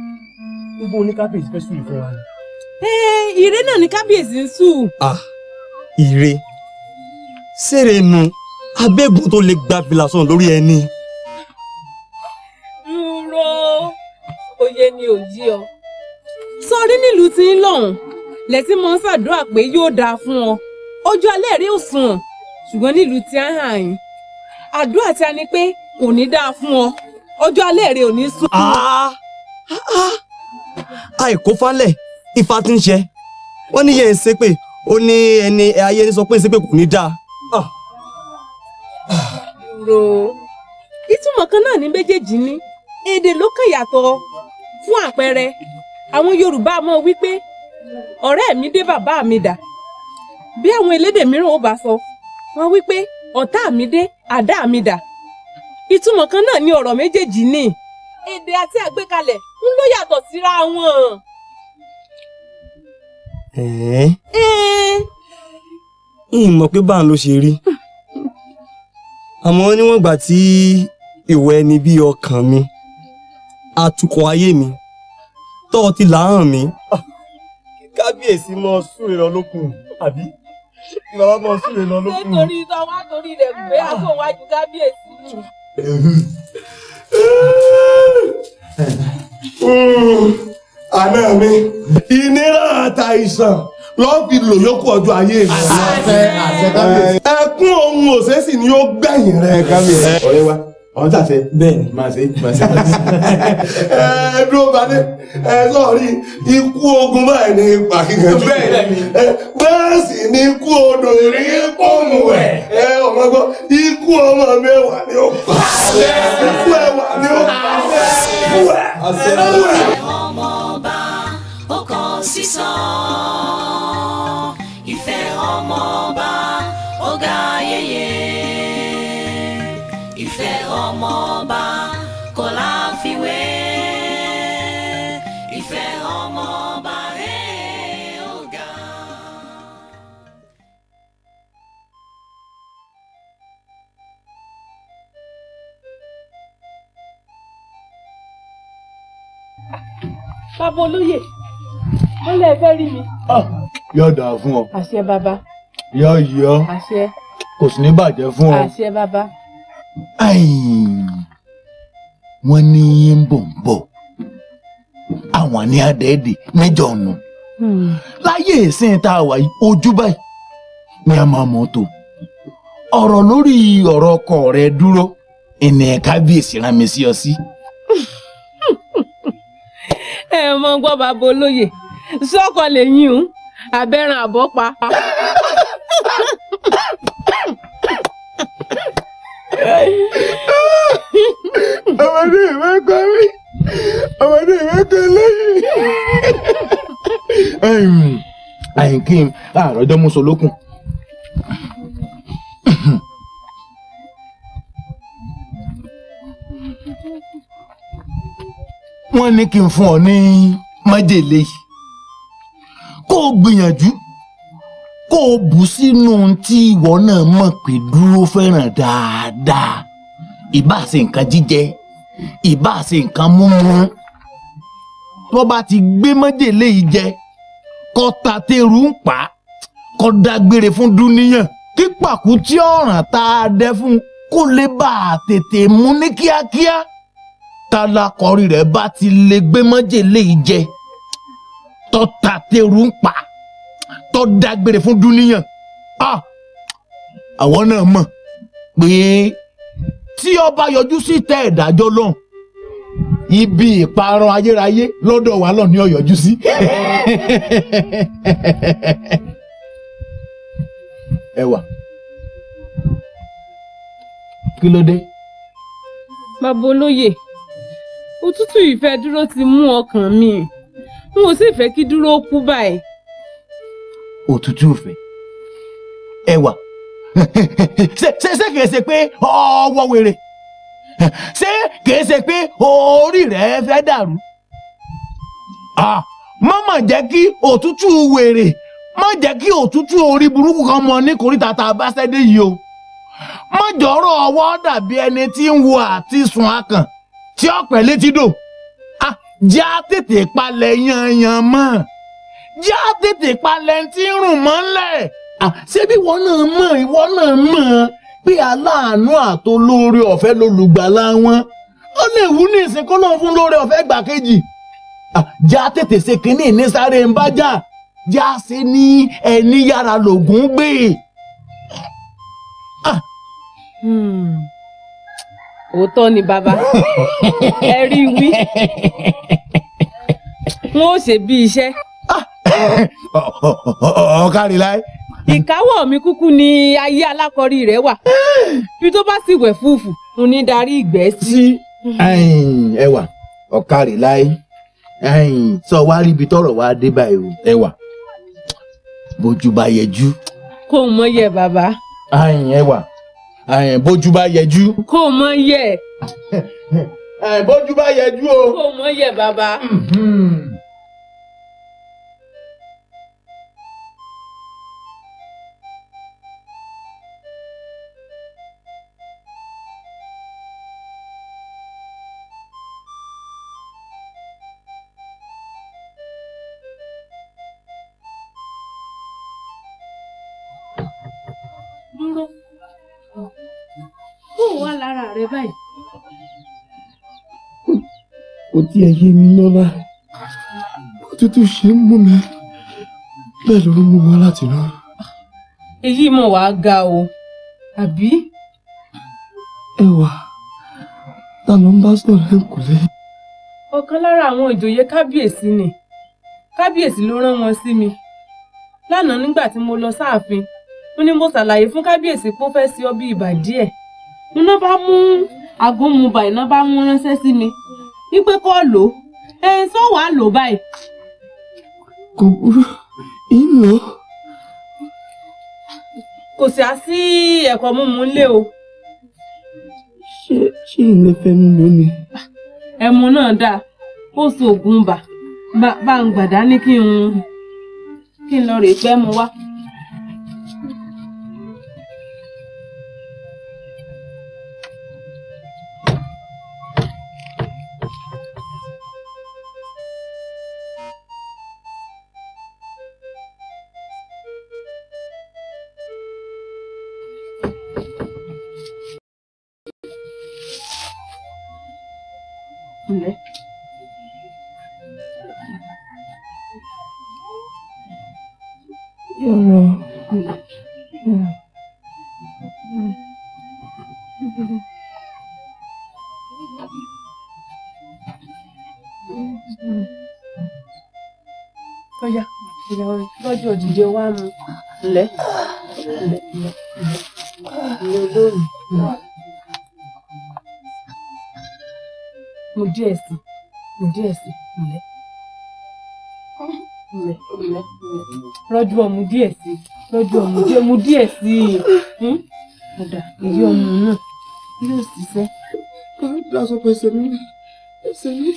gbogbo oníkábíyèsí fẹ́ sùn ìfún wa ni. náà ni kábíyèsí ń sùn. ah ire ṣeré nu abẹ́gun tó lè gba filasan lórí ẹni. dúró oyè ni ò jí ọ. sọrí nílùú tí ń lọ́hùn lẹ́tí mọ́ ń ṣàdúrà pé yóò dáa fún ọ ojú alẹ́ rí òsùn ṣùgbọ́n nílùú tí a hàn yín àdúrà tí a ní pé kò ní dáa fún ọ ọjọ́ alẹ́ rẹ ò ní sùn. Ah, ah, ah, àìkó falẹ̀ ifá ti ń ṣe wọ́n ní yẹn ń ṣépè ó ní ẹni ayé ní sọ pé ń ṣépè kò ní dáa ro ìtumọ̀ kan náà ní méjèèjì ní èdè ló kàn yàtọ̀ fún àpẹẹrẹ àwọn Yorùbá mọ̀ wípé ọ̀rẹ́ mi dé bàbá mi dà bí àwọn elédè mìíràn ó bá sọ wọ́n wípé ọ̀tá mi dé àdá mi dà ìtumọ̀ kan náà ní ọ̀rọ̀ méjèèjì ní èdè àti àgbékalẹ̀ ń ló yàtọ̀ síra wọn. ẹ ẹ ìmọ̀ pé báà ló ṣe rí. Hmm àmọ́ níwọ̀n ìgbà tí ìwọ ẹni bí ọkàn mi atukọ̀ ayé mi tọ́ ọ ti làárọ̀ mi kábíyèsí mọ súre lọ lókun àbí bàbá mọ súre lọ lókun. nítorí sọ wá torí rẹ pé àgọ́ wájú kábíyèsí. Hmm. Hmm. àná mi ìnira àtàìsàn lọ́ọ́ fi lò yókù ọjọ́ ayé mi. àṣẹ àṣẹ kábíyèsí. ẹkún ohun òṣèṣì ni ó gbẹ̀yìn rẹ. kábíyèsí ọ̀rẹ́ wa ọ̀n tàṣẹ. bẹ́ẹ̀ni máa ṣe máa ṣe máa ṣe. ẹ ẹ dúró balẹ̀ ẹ sọ̀rí ikú ogun báyìí ní ipa kíkan jù. bẹ́ẹ̀ sì ni ikú odò rí pọ́ùnù ẹ̀. ẹ ọmọ gbọ́ ikú ọmọ mi wà ní òkú. ikú ẹ wà ní òkú. ikú ẹ wà ní òkú. bàbá olóyè wọn lè fẹ́ rí mi. Ah, yóò dáa fún ọ. àṣẹ bàbá. yóò yí ọ. àṣẹ. kò sì ní bàjẹ́ fún ọ. àṣẹ bàbá. wọ́n ní yín bò ń bọ̀ àwọn ní adẹ́ẹ̀dì níjọ nù. Hmm. láyé ìsìn tá a wà yìí ojú báyìí ni a máa mọ̀ tó ọ̀rọ̀ lórí ọ̀rọ̀ ọkọ rẹ dúró ìnìyàn kábíyèsí rán mi sí ọ sí ẹ mọ gbọ́ bàbá olóyè sọ́kọ lẹ́yìn o abẹ́ràn àbọ́pa. ọmọdé ìwé kọ mí ọmọdé ìwé kọ lẹ́yìn. àyìnkí àròjọ́ mú solókùn. wọ́n ní kí n fún ọ ní májèlé kó o gbìyànjú kó o bù sínú tí ìwọ náà mọ̀ pé dúró fẹ́ràn dáadáa ìbá ṣe nǹkan jíjẹ ìbá ṣe nǹkan múmú tó bá ti gbé májèlé yìí jẹ kó ta tẹ́rù ń pa kó dágbére fún dúníyàn kí pàkútí ọ̀ràn tá a dẹ fún kó lè bá a tètè mú ní kíákíá tálákọrin rẹ̀ bá ti lè gbé májèlé yìí jẹ tọ́ta tẹ̀rù ń pa tọ́ dágbére fún dúníyàn àwọn náà mọ̀ pé tí ọba yọjú sí tẹ ìdájọ́ lọ́hùn ibi ìparun ayérayé lọ́dọ̀ wa lọ́ọ̀ ni ó yọjú sí. ẹwà kí ló dé. bàbá olóyè òtútù ìfẹ́ dúró ti mú ọkàn mi n ò sì fẹ́ kí dúró kú báyìí. òtútù ìfẹ́ ẹwà ṣé ṣé kìí ṣe pé ọwọ́ wèrè ṣé kìí ṣe pé orí rẹ̀ fẹ́ dàrú. mọ́mọ́ jẹ́ kí òtútù wèrè má jẹ́ kí òtútù orí burúkú kan mọ ní kòríta tá a bá ṣẹ́ dé yìí o má jọ̀rọ̀ ọwọ́ dàbí ẹni tí ń wo àti sùn akàn tí ọ̀pẹ létí dò ah, já tètè palẹ̀ yanyan mọ́ já tètè palẹ̀ tí ń rùn mọ́lẹ̀ ah, ṣebí wọn náà mọ̀ ìwọ náà mọ̀ pé aláàánú àtolóore ọ̀fẹ́ lolùgbàlà wọn ó lè wú ní ìsìnkú náà fún lóore ọ̀fẹ́ gbà kejì ah, já tètè ṣe kínní ní sáré ń bá jà já ṣe ní ẹni yára lògùn gbé. Hmm òótọ́ ni bàbá ẹ rí wí wọn ò ṣe bí iṣẹ́. Ah! ọ̀kárí láì. ìkáwọ́ mi kúkú ni ayé alákọ̀rí rẹ̀ wà bí tó bá sì wẹ̀ fúfù mo ní darí ìgbẹ́ sí. ẹwà ọ̀kárí láì sọ wá rí ibi tọ́rọ̀ wá dé báyìí ẹwà bójú bá yẹjú. kó o mọ yẹ bàbá. ẹwà. Eh, bójú bá yẹjú. kó o mọ yẹ. Eh, bójú bá yẹjú o. kó o mọ yẹ bàbá. Hmm, hmm. kò tiẹ̀ yé mi lọ́la òtútù ṣe ń mú mi bẹ́ẹ̀ ló ń mú wọn láti náà. èyí mọ̀ wá ga o àbí. ẹ wà ta ló ń bá sọ̀rọ̀ ẹ̀ kùlé. ọ̀kan lára àwọn ìjòyè kábíyèsí ni kábíyèsí ló rán wọn sí mi lánàá nígbà tí mo lọ sáàfin mo ní mo ṣàlàyé fún kábíyèsí pé ó fẹ́ sí ọ bí ibà díẹ̀ mo bá mú àgúnmu bàìná bá mú ránṣẹ́ sí mi wípé kọ́ lò ó ẹyin tó wàá lò báyìí. kò burú ìlò. kò sí àsí ẹ̀kọ́ mímu ńlẹ̀ o. ṣé ṣé ilé fẹ́ mímu ni. ẹmu náà dáa ó sòògùn bà bá ń gbàdá ní kí n kí n lọ rè pẹ́ mu wá. dìde wá mu lẹ́ lẹ́ ní olóòrùn. mo díẹ̀ sí mo díẹ̀ sí lẹ́ rọ́jú ọmú díẹ̀ sí rọ́jú ọmú díẹ̀ mú díẹ̀ sí i ọ̀dà èyí ọmú náà yóò ṣiṣẹ́. dáṣọ pèsè mi pèsè mi.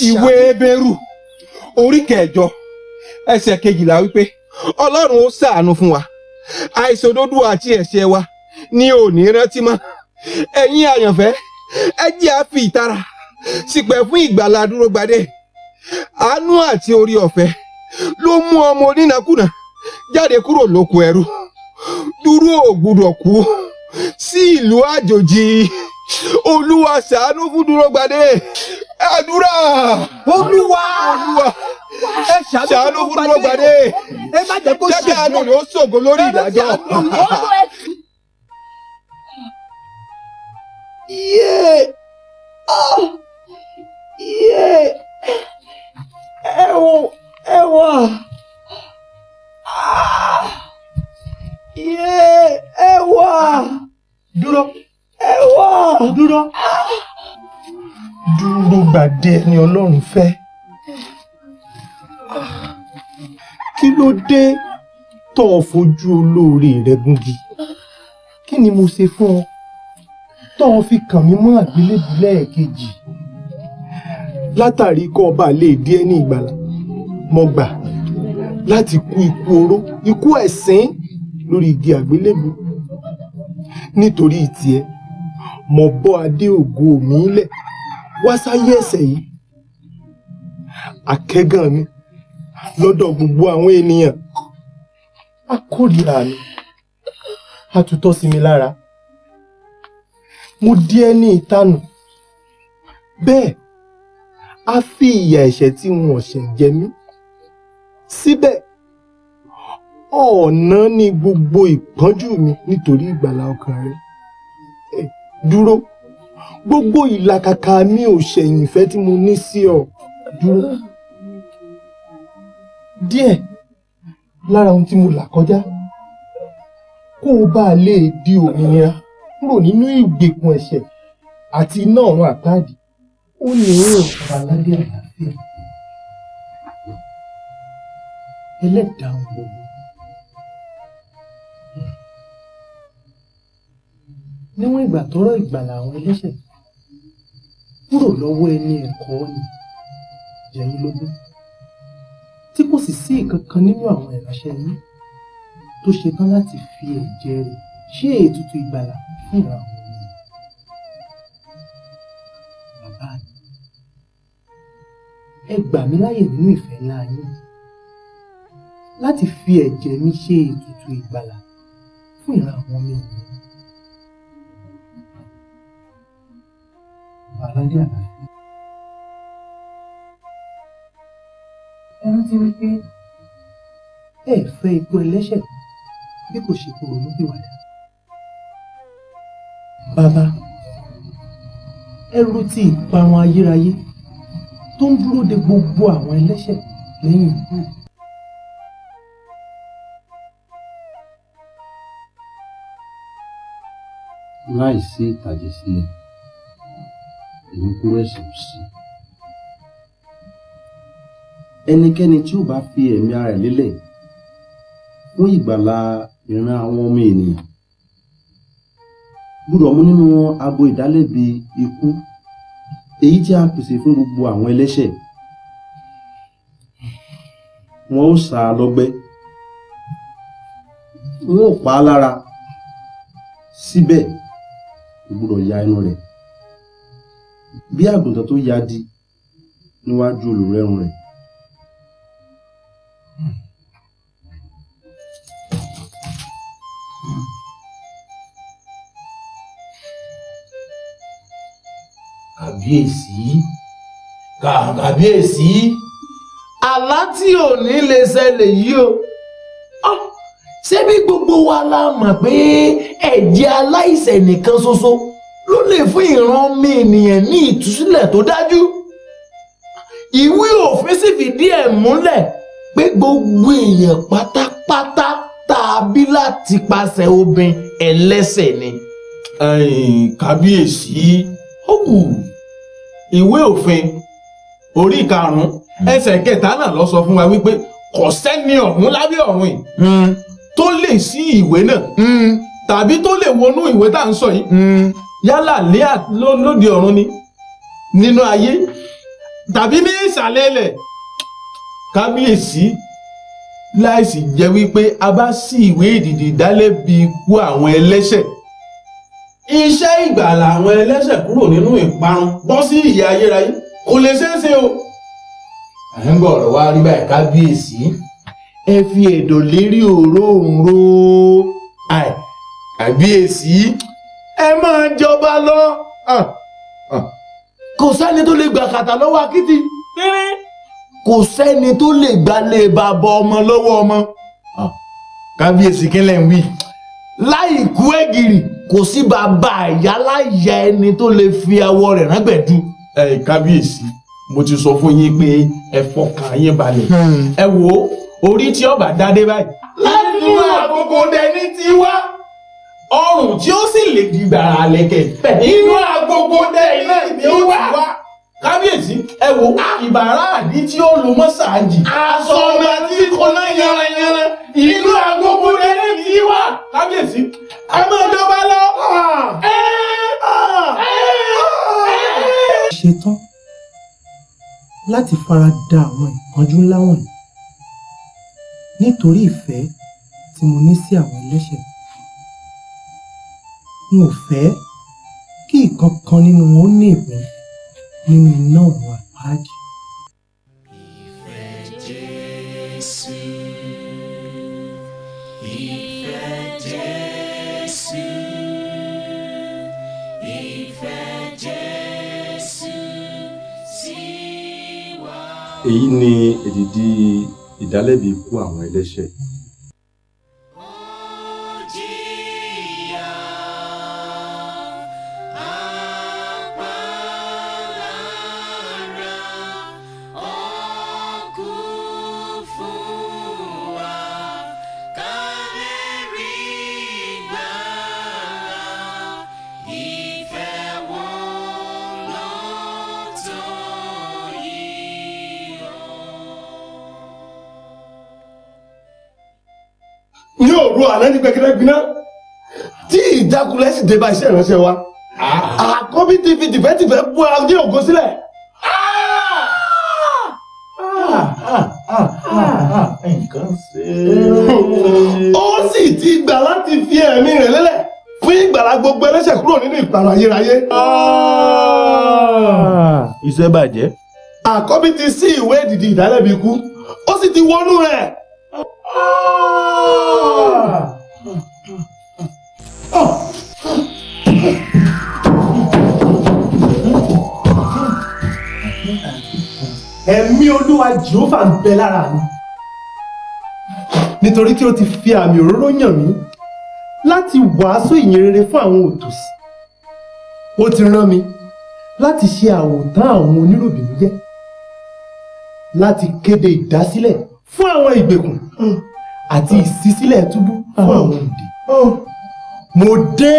ìwé ebéèrú orí kẹjọ ẹsẹ̀ kejìlá wípé ọlọ́run ó ṣàánú fún wa àìṣòdodo àti ẹ̀ṣẹ̀ wa ni ò ní rántí mọ́ ẹ̀yin àyànfẹ́ ẹ jẹ́ á fi ìtara ṣìpẹ̀ fún ìgbàlà dúró gbadé àánú àti orí ọ̀fẹ́ ló mú ọmọ onínàkúnà jáde kúrò lóko ẹrú dúró ò kú sí ìlú àjòjì olúwa ṣàánú fún dúró gbadé àdúrà olúwa olúwa ẹ ṣàánú fún gbàdé ẹ má jẹ́ kó ṣe jẹ́ àánú ni ó ṣògo lórí ìdájọ́. yé yé ẹwọ ẹwà yé ẹwà dúró ẹwà dúró. Ah dúró gbàdé ẹni ọlọ́run fẹ́ kí ló dé tó o fojú olóore rẹ gúngi kí ni mo ṣe fún ọ tó o fi kàn mí mọ́ àgbélébùú lẹ́ẹ̀kejì látàrí kó ọba lè dé ẹni ìgbàlà mo gbà láti kú ikú oró ikú ẹ̀sín lórí igi àgbélébùú nítorí tiẹ̀ mo bọ́ adé ògo mi lẹ̀ wá sáyé ẹ̀ṣẹ̀ yìí akẹ́gàn mi lọ́dọ̀ gbogbo àwọn ènìyàn a kórìíra mi a tutọ́ sí mi lára mo di ẹni ìtanù bẹ́ẹ̀ a fi ìyà ẹ̀ṣẹ̀ tí wọn ṣẹ̀ jẹ mí síbẹ̀ ọ̀nà ni gbogbo ìpọ́njú mi nítorí ìgbàlá ọkàn rẹ̀ dúró gbogbo ìlàkàkà mi ò ṣẹ̀yìn ìfẹ́ tí mo ní sí ọ dúró díẹ̀ lára ohun tí mo là kọjá kó o bá a lè di òmìnira kúrò nínú ìgbèkùn ẹ̀ṣẹ̀ àti iná ọ̀run àpáàdì ó ní òun ọ̀bàládé àlàáfíà ẹlẹ́dàá ń wọ̀ wọ́n. níwọ̀n ìgbà tọ́rọ̀ ìgbàlà àwọn ẹlẹ́ṣẹ̀ kúrò lọ́wọ́ ẹni ẹ̀kọ́ ni jẹ̀yìn lógún tí kò sì sí ìkankan nínú àwọn ìránṣẹ́ yín tó ṣetán láti fi ẹ̀jẹ̀ rẹ̀ ṣe ètùtù ìgbàlà fún ìran àwọn ènìyàn. Bàbá mi, ẹ gbà mí láyè nínú ìfẹ́ ńlá yín láti fi ẹ̀jẹ̀ mi ṣe ètùtù ìgbàlà fún ìran àwọn àlàyé àlàyé. ẹ rántí wípé ẹ fẹ́ ikú ẹlẹ́ṣẹ̀ bí kò ṣe kúrò nígbìwàdà. bàbá ẹrù ti ìparun ayérayé tó ń dúró de gbogbo àwọn ẹlẹ́ṣẹ̀ lẹ́yìn ikú. láìsí ìtàjẹ̀ sílẹ̀ ìmúkúrò ẹ̀sìn sí. ẹnikẹ́ni tí ò bá fi ẹ̀mí ara ẹ̀ lélẹ̀ fún ìgbàlá ìran àwọn ọmọ ènìyàn gbúdọ̀ mú nínú abo ìdálẹ́bi ikú èyí tí a pèsè fún gbogbo àwọn ẹlẹ́ṣẹ̀ wọn ó sà á lọ́gbẹ́ wọn ò pa á lára síbẹ̀ gbúdọ̀ ya ẹnu rẹ̀ bí àgùntàn tó ya di níwájú olùrẹ́rùn rẹ̀. kàbíyèsí kàbíyèsí àlá tí ò ní lè ṣẹlẹ̀ yìí o ah, ṣebí gbogbo wa la mọ̀ pé ẹ̀jẹ̀ aláìṣẹ̀ nìkan ṣoṣo. So -so ló lè fún ìran ọmọ ènìyàn ní ìtúsílẹ̀ tó dájú ìwé òfin sì fìdí ẹ̀ múlẹ̀ pé gbogbo èèyàn pátápátá tá láti pasẹ̀ obìn ẹlẹ́sẹ̀ ni. kábíyèsí ó kù ìwé òfin orí karùnún hmm. ẹsẹ̀ kẹta náà ló sọ fún wa wípé kò sẹ́ni ọ̀hún lábẹ́ ọ̀run yìí hmm. tó lè sí ìwé náà hmm. tàbí tó lè wọnú ìwé tá à ń sọ yìí yálà ní lóde ọ̀run ni nínú ayé tàbí ní ìsàlẹ̀ ilẹ̀ kábíyèsí láìsí jẹ́ wípé a bá sí ìwé ìdìdì ìdálẹ́bi ikú àwọn ẹlẹ́ṣẹ̀ iṣẹ́ ìgbàlà àwọn ẹlẹ́ṣẹ̀ kúrò nínú ìparun bọ́ sí ìyà ayérayé kò lè ṣeé ṣe o. à ń gbọ́ ọ̀rọ̀ wá rí báyìí kábíyèsí ẹ fi ẹ̀dọ̀ lérí òróǹro àì ẹ máa jọba lọ kò sẹ́ni tó lè gbà kàtà lọ́wọ́ akitì kò sẹ́ni tó lè gbalẹ̀ bàbá ọmọ lọ́wọ́ ọmọ kábíyèsí kílẹ̀ ń wí láìkú ẹ̀gìrì kò sí bàbá àyà láyà ẹni tó lè fi awọ rẹ̀ rágbẹ̀dú. ẹ kábíyèsí mo ti sọ fún yín pé ẹ fọkàn yín balẹ̀ hmm. ẹ wo orí tí ọba dádé báyìí. láti mú àkókò dẹni tí wá ọrùn tí ó sì lè di gbàrà lẹ̀kẹ̀ pẹ̀lú inú agogo dẹ́ iná ìdí ó wà. kábíyèsí ẹ wo ah! ìbàrá àdí tí ó lu mọ́sáàjì. aṣọ ọmọ tí kò ná yanranyanran inú agogo dẹ́ iná ìwà. kábíyèsí ẹ máa dọ́gba lọ. Ah! Ah! ṣetán láti fara da àwọn ìpọ́njú ńlá wọ̀nyí nítorí ìfẹ́ tí mo ní sí àwọn ẹlẹ́ṣẹ̀ mi n ò fẹ́ kí ìkan kan nínú wọn ní ìpín nínú iná ọ̀run àpáàdì. ìfẹ́ Jésù ìfẹ́ Jésù ìfẹ́ Jésù sí wa. èyí ni èdìdí ìdálẹ́bi ikú àwọn ẹlẹ́ṣẹ̀. ọ̀rọ̀ àná ní gbẹ̀gẹ́dẹ́ gbiná tí ìjákulẹ̀ sì dé bá iṣẹ́ ìránṣẹ́ wa ah. àkọ́bí ti fi tìfẹ́tìfẹ́ bú ara ní ògo sílẹ̀. é. ó sì ti gbà láti fi ẹ̀mí rẹ̀ lélẹ̀ fún ìgbàlá gbogbo ẹlẹ́ṣẹ̀ kúrò nínú ìparun ayérayé. Ah. iṣẹ́ bàjẹ́. àkọ́bí ti ṣí ìwé ìdìdì ìdálẹ́bi ikú ó sì ti wọnú rẹ̀ ẹ̀mí olúwa jehova ń bẹ lára mi nítorí tí ó ti fi àmì òróró yàn mí láti wàásù ìyìn rere fún àwọn òtòṣì ó ti rán mi láti ṣe àwòtán àwọn oníròbìnújẹ́ láti kéde ìdásílẹ̀ fún àwọn ìgbèkùn àti ìṣísílẹ̀ túbú fún àwọn òde mo dé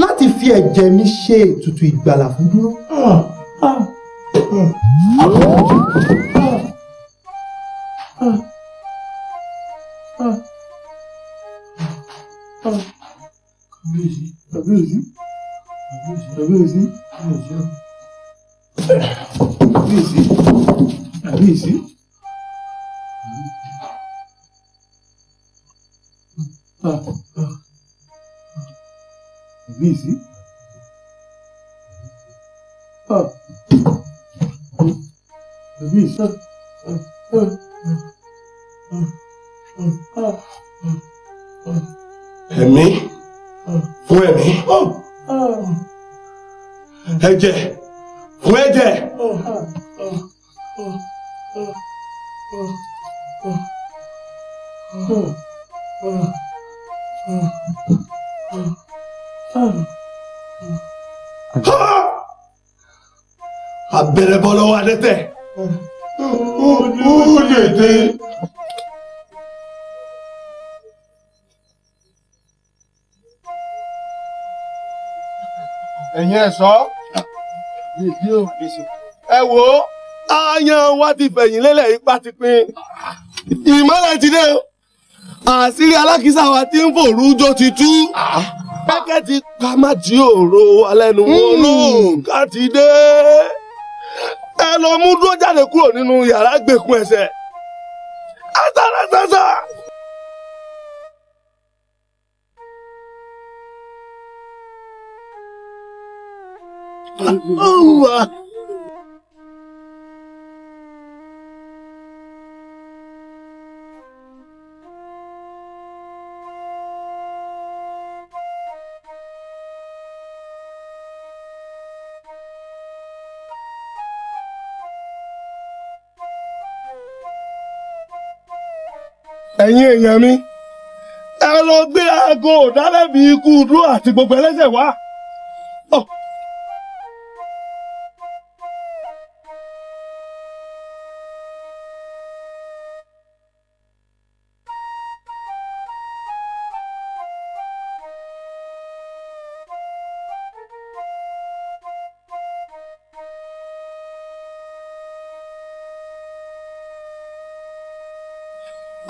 láti fi ẹ̀jẹ̀ mi ṣe ètùtù ìgbàlà fún dúró. Kábíyèsí, kábíyèsí, kábíyèsí, kábíyèsí, kábíyèsí, kábíyèsí. hivi hivi ẹ̀mí fún ẹ̀mí ẹ̀jẹ̀ fún ẹ̀jẹ̀. bẹ̀rẹ̀ bọ́ lọ́wọ́ adẹ́tẹ̀. ó lè dé. ẹ̀yin ẹ̀ sọ. ẹ wo aáyán wa ti fẹ̀yìn lélẹ̀ ipa ti pin ìmọ́lẹ̀ ti dé o àṣírí alákìísà wa ti ń fòrú jó ti tú pẹ́kẹ́ ti ká má jí òru alẹ́nu wọn hmm. lóò ká ti dé lọ mú dúró jáde kúrò nínú yàrá gbẹ̀kún ẹsẹ̀ àtàrà Oh, uh. èèyàn mi ẹ lọ gbé aago ọ̀dálẹ́bí ikú dúró àti gbogbo ẹlẹ́sẹ̀ wá.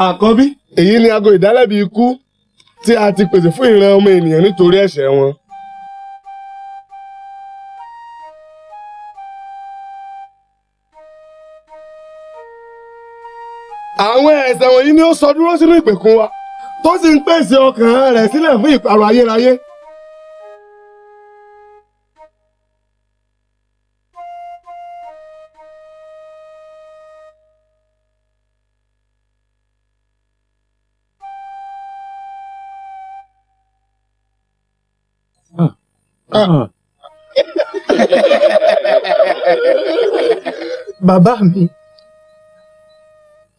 àkọ́bí èyí ni aago ìdálẹ́bi ikú tí a ti pèsè fún ìran ọmọ ènìyàn nítorí ẹ̀ṣẹ̀ wọn. àwọn ẹ̀ṣẹ̀ wọ̀nyí ni ó sọ dúró sínú ìpẹ̀kun wa tó sì ń pèsè ọkàn rẹ̀ sílẹ̀ fún ìparun ayérayé. Uh-uh. Bàbá mi,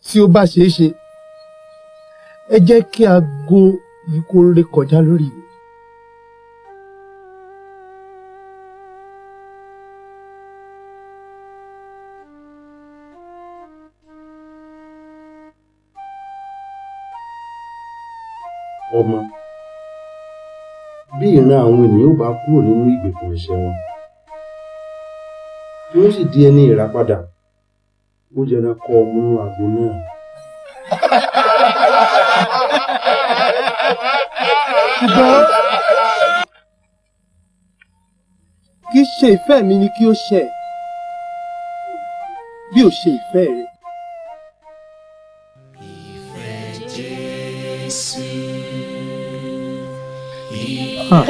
tí ó bá ṣeé ṣe, ẹ jẹ́ kí aago yìí kó kọjá lórí mi. ọmọ bí ìran àwọn ènìyàn ò bá kúrò nínú ìgbèkùn ẹ̀ṣẹ̀ wọn tí wọ́n sì di ẹni ìràpadà ó jẹra kọ ọmú àgbo náà. ṣùgbọ́n kì í ṣe ìfẹ́ mi ni kí ó ṣe bí ó ṣe ìfẹ́ rẹ̀. 嗯。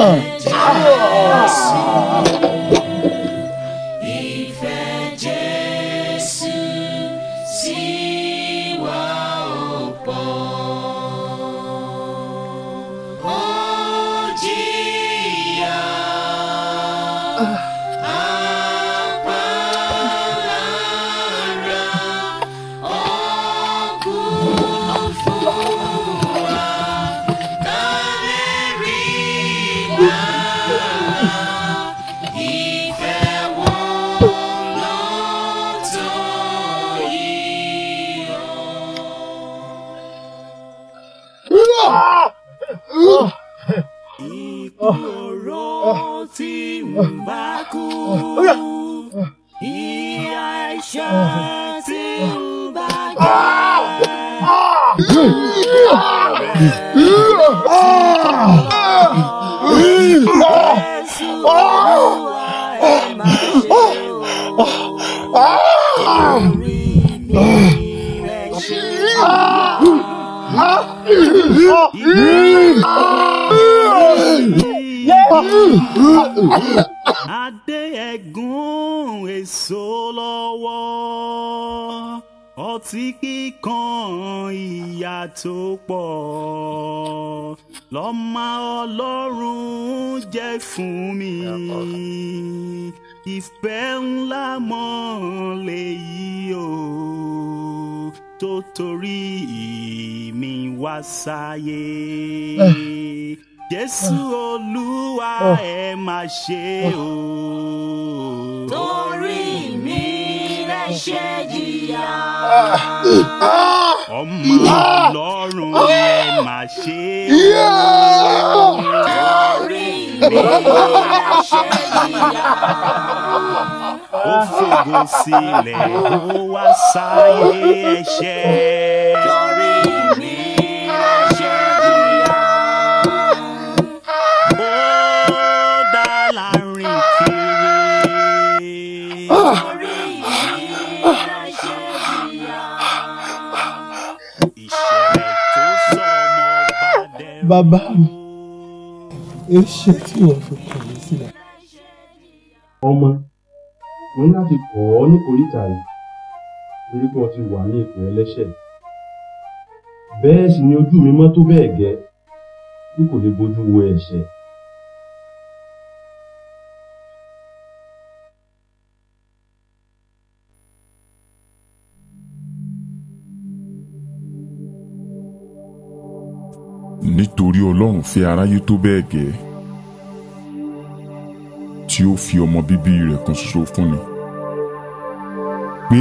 jẹ́ fún mi ìfẹ́ ńlá mọ́ lèyí o tó torí mi wá sáyé eh. Jésù eh. Olúwa oh. ẹ má ṣe oh. o. torí mi lẹ ṣe jìyà ah. ọmọ Ọlọ́run ẹ má ṣe o. torí mi mi ò ṣe ìyá. ó fògo sílẹ̀ ó wá sáyé ẹ̀ṣẹ̀. torí mi ò ṣe ìyá. mo dá láàrin kiri. torí mi ò ẹṣẹ tí wọ́n fi kàn mí sílẹ̀. ọmọ mo ní láti kọ̀ ọ́ ní oríta yìí torí pé wọ́n ti wà ní ipò ẹlẹ́ṣẹ̀ bẹ́ẹ̀ sì ni ojú mi mọ́ tó bẹ́ẹ̀ gẹ́ bí kò lè bójú wo ẹ̀ṣẹ̀. nítorí Ọlọ́run fẹ́ aráyé tó bẹ́ẹ̀ gẹ́ tí ó fi ọmọ bíbí rẹ̀ kan ṣoṣo fúnni pé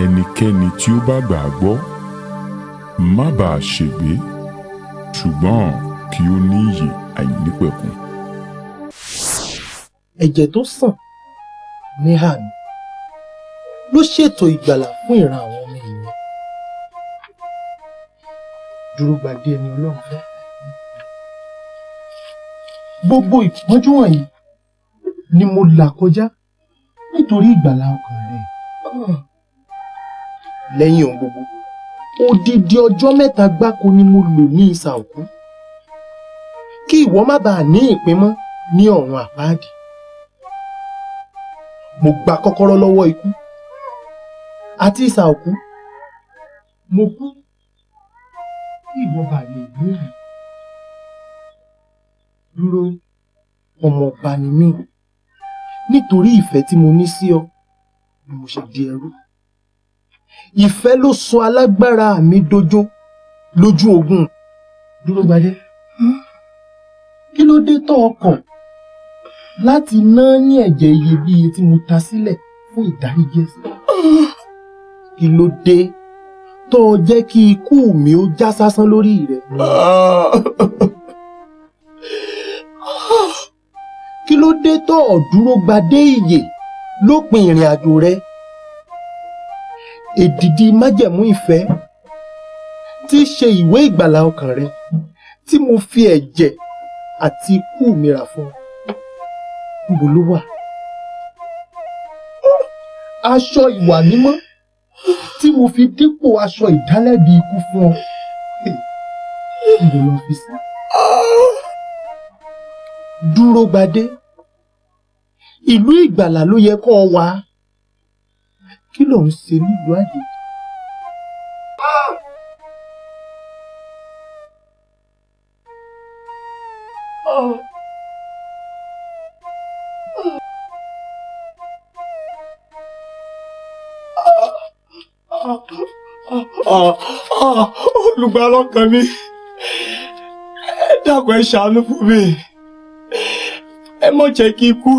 ẹnikẹ́ni tí ó bá gbà á gbọ́ má bàa ṣègbé ṣùgbọ́n kí ó ní ìyè àìnípẹ̀kun. ẹ̀jẹ̀ tó sàn ní àná ló ṣètò ìgbàlà fún ìran àwọn dúró gbadé ẹni ọlọ́run fẹ́. gbogbo ìpọ́njú wọ̀nyí ni mo là kọjá nítorí ìgbàlá ọkàn rẹ̀. lẹ́yìn ohun gbogbo odidi ọjọ́ mẹ́ta gbáko ni mo lò ní ìsà òkú kí ìwọ má bàa ní ìpín mọ́ ní ọ̀run àpáàdì. mo gba kọ́kọ́rọ́ lọ́wọ́ ikú àti ìsà òkú mo kú kí ìwọ bá lè lóyè dúró ọmọ ọba ni mí nítorí ìfẹ́ tí mo ní sí ọ ni mo ṣe di ẹrú ìfẹ́ ló sọ alágbára mi dojú lójú ogun dúró gbadé kí ló dé tó ọkàn láti ná ní ẹ̀jẹ̀ iyebíye tí mo ta sílẹ̀ fún ìdáríjì ẹ̀ṣẹ̀ ah! kí ló dé tó jẹ́ kí ikú mi ó já sásán lórí rẹ̀. kí ló dé tó dúró gbadé ìyè lópin ìrìn àjò rẹ èdìdí májẹ̀mú ìfẹ́ tí í ṣe ìwé ìgbàlà ọkàn rẹ tí mo fi ẹ̀jẹ̀ àti ikú mi rà fún un níbo aṣọ ìwà mímọ́ tí mo fi dípò aṣọ ìdálẹ́bi ikú fún ọ ìwọ lọ fi sí. dúró gbadé ìlú ìgbàlà ló yẹ kó o kí ló ń ṣe nílùú àyè. olùgbàlọ́kàn mi dàgbọ́ ẹ ṣàánú fún mi ẹ mọ̀ jẹ́ kí ikú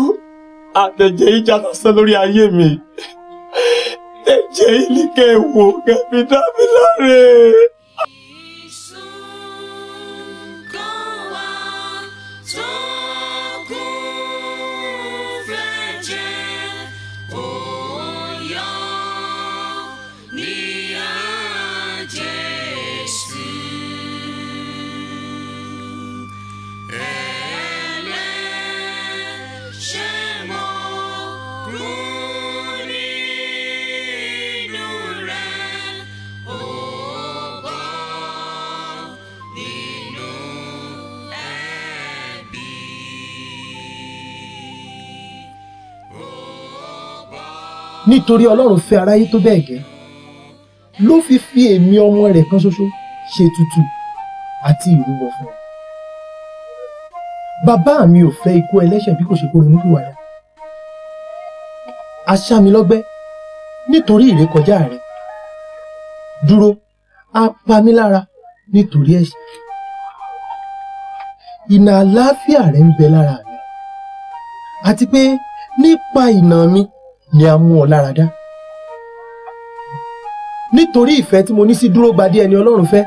àtẹ̀jẹ́ ìjà lásán lórí ayé mi tẹ̀jẹ́ ìlíkẹ́ ìwò kẹ́mi dá mi láre. nítorí ọlọ́run fẹ́ aráyé tó bẹ́ẹ̀ gẹ́ ló fi fi èmi ọmọ rẹ̀ kan ṣoṣo ṣe tutù àti ìrúbọ fún un bàbá mi ò fẹ́ ikú ẹlẹ́ṣẹ̀ bí kò ṣe kó ronú pìwàdà aṣá mi lọ́gbẹ́ nítorí ìrékọjá rẹ̀ dúró á pa mí lára nítorí ẹ̀ṣẹ̀ ìnà àlàáfíà rẹ̀ ń bẹ lára mi àti pé nípa ìnà mi ni a mú ọ lára dá nítorí ìfẹ́ tí mo ní sí dúró gbadé ẹni ọlọ́run fẹ́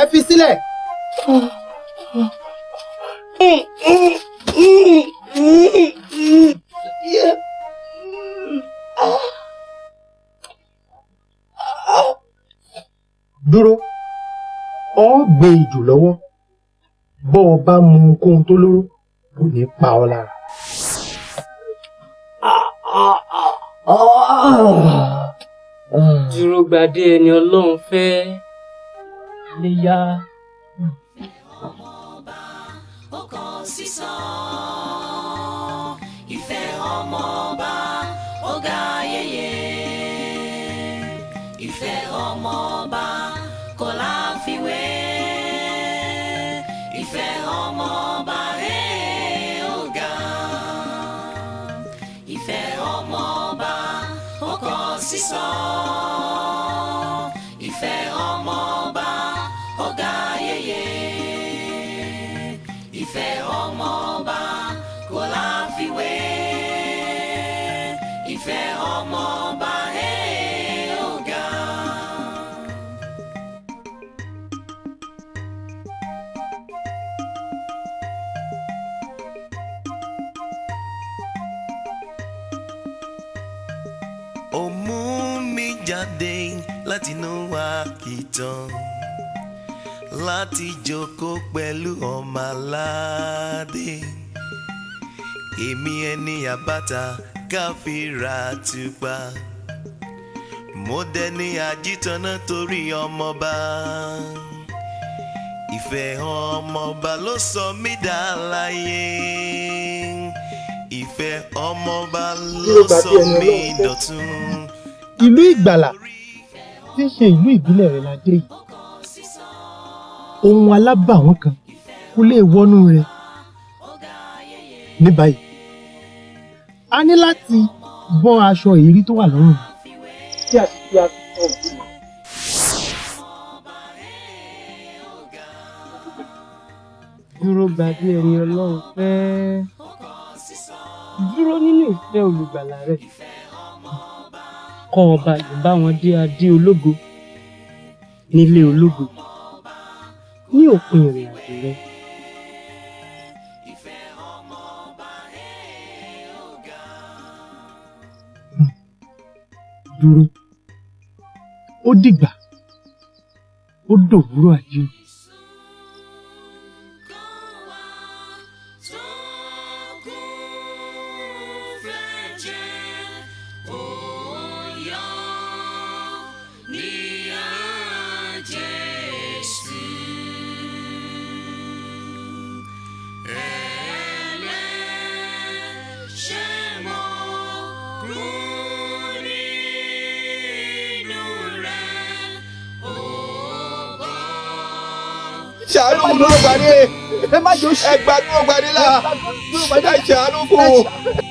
ẹ fi sílẹ̀. dúró ọ gbé ìjù lọ́wọ́ bọ́ ọ bá mu ohunkóhun tó lóró kò ní pa ọ lára. Ah, ah dúró gbadé ẹni ọlọ́run fẹ́ léyà. ìfẹ́ ọmọọba kò láfiwé ìfẹ́ ọmọọba ẹ̀ ó ga. ó mú mi láti jókòó pẹ̀lú ọmọ aládé èmi ẹni àbáta káfíra tùpá mo dẹni àjítọ́nà torí ọmọba ìfẹ́ ọmọba ló sọ mí dá ìfẹ́ ọmọba ló sọ mí dọ̀tun. ìlú ìgbàlà tí í ṣe ìlú ìbílẹ̀ rẹ̀ la dé yìí ohun alábàwọ́n kan kó lè wọnú rẹ̀ ní báyìí a ní láti bọ́n aṣọ ìrírí tó wà lọ́rùn tí a sì fi aṣọ ọ̀gbìn. dúró gba bí ẹni ọlọ́run fẹ́ dúró nínú ìfẹ́ olùgbàlà rẹ̀ kọ́ ọba lè bá adé ológo nílé ológo ní òpin ìrìn àjò rẹ. dúró ó dìgbà ó dòwúrọ̀ ayé yìí. ṣàánú fún ọgbàdé ẹ gbàdúrà ọgbàdé là ẹ ṣàánú fún.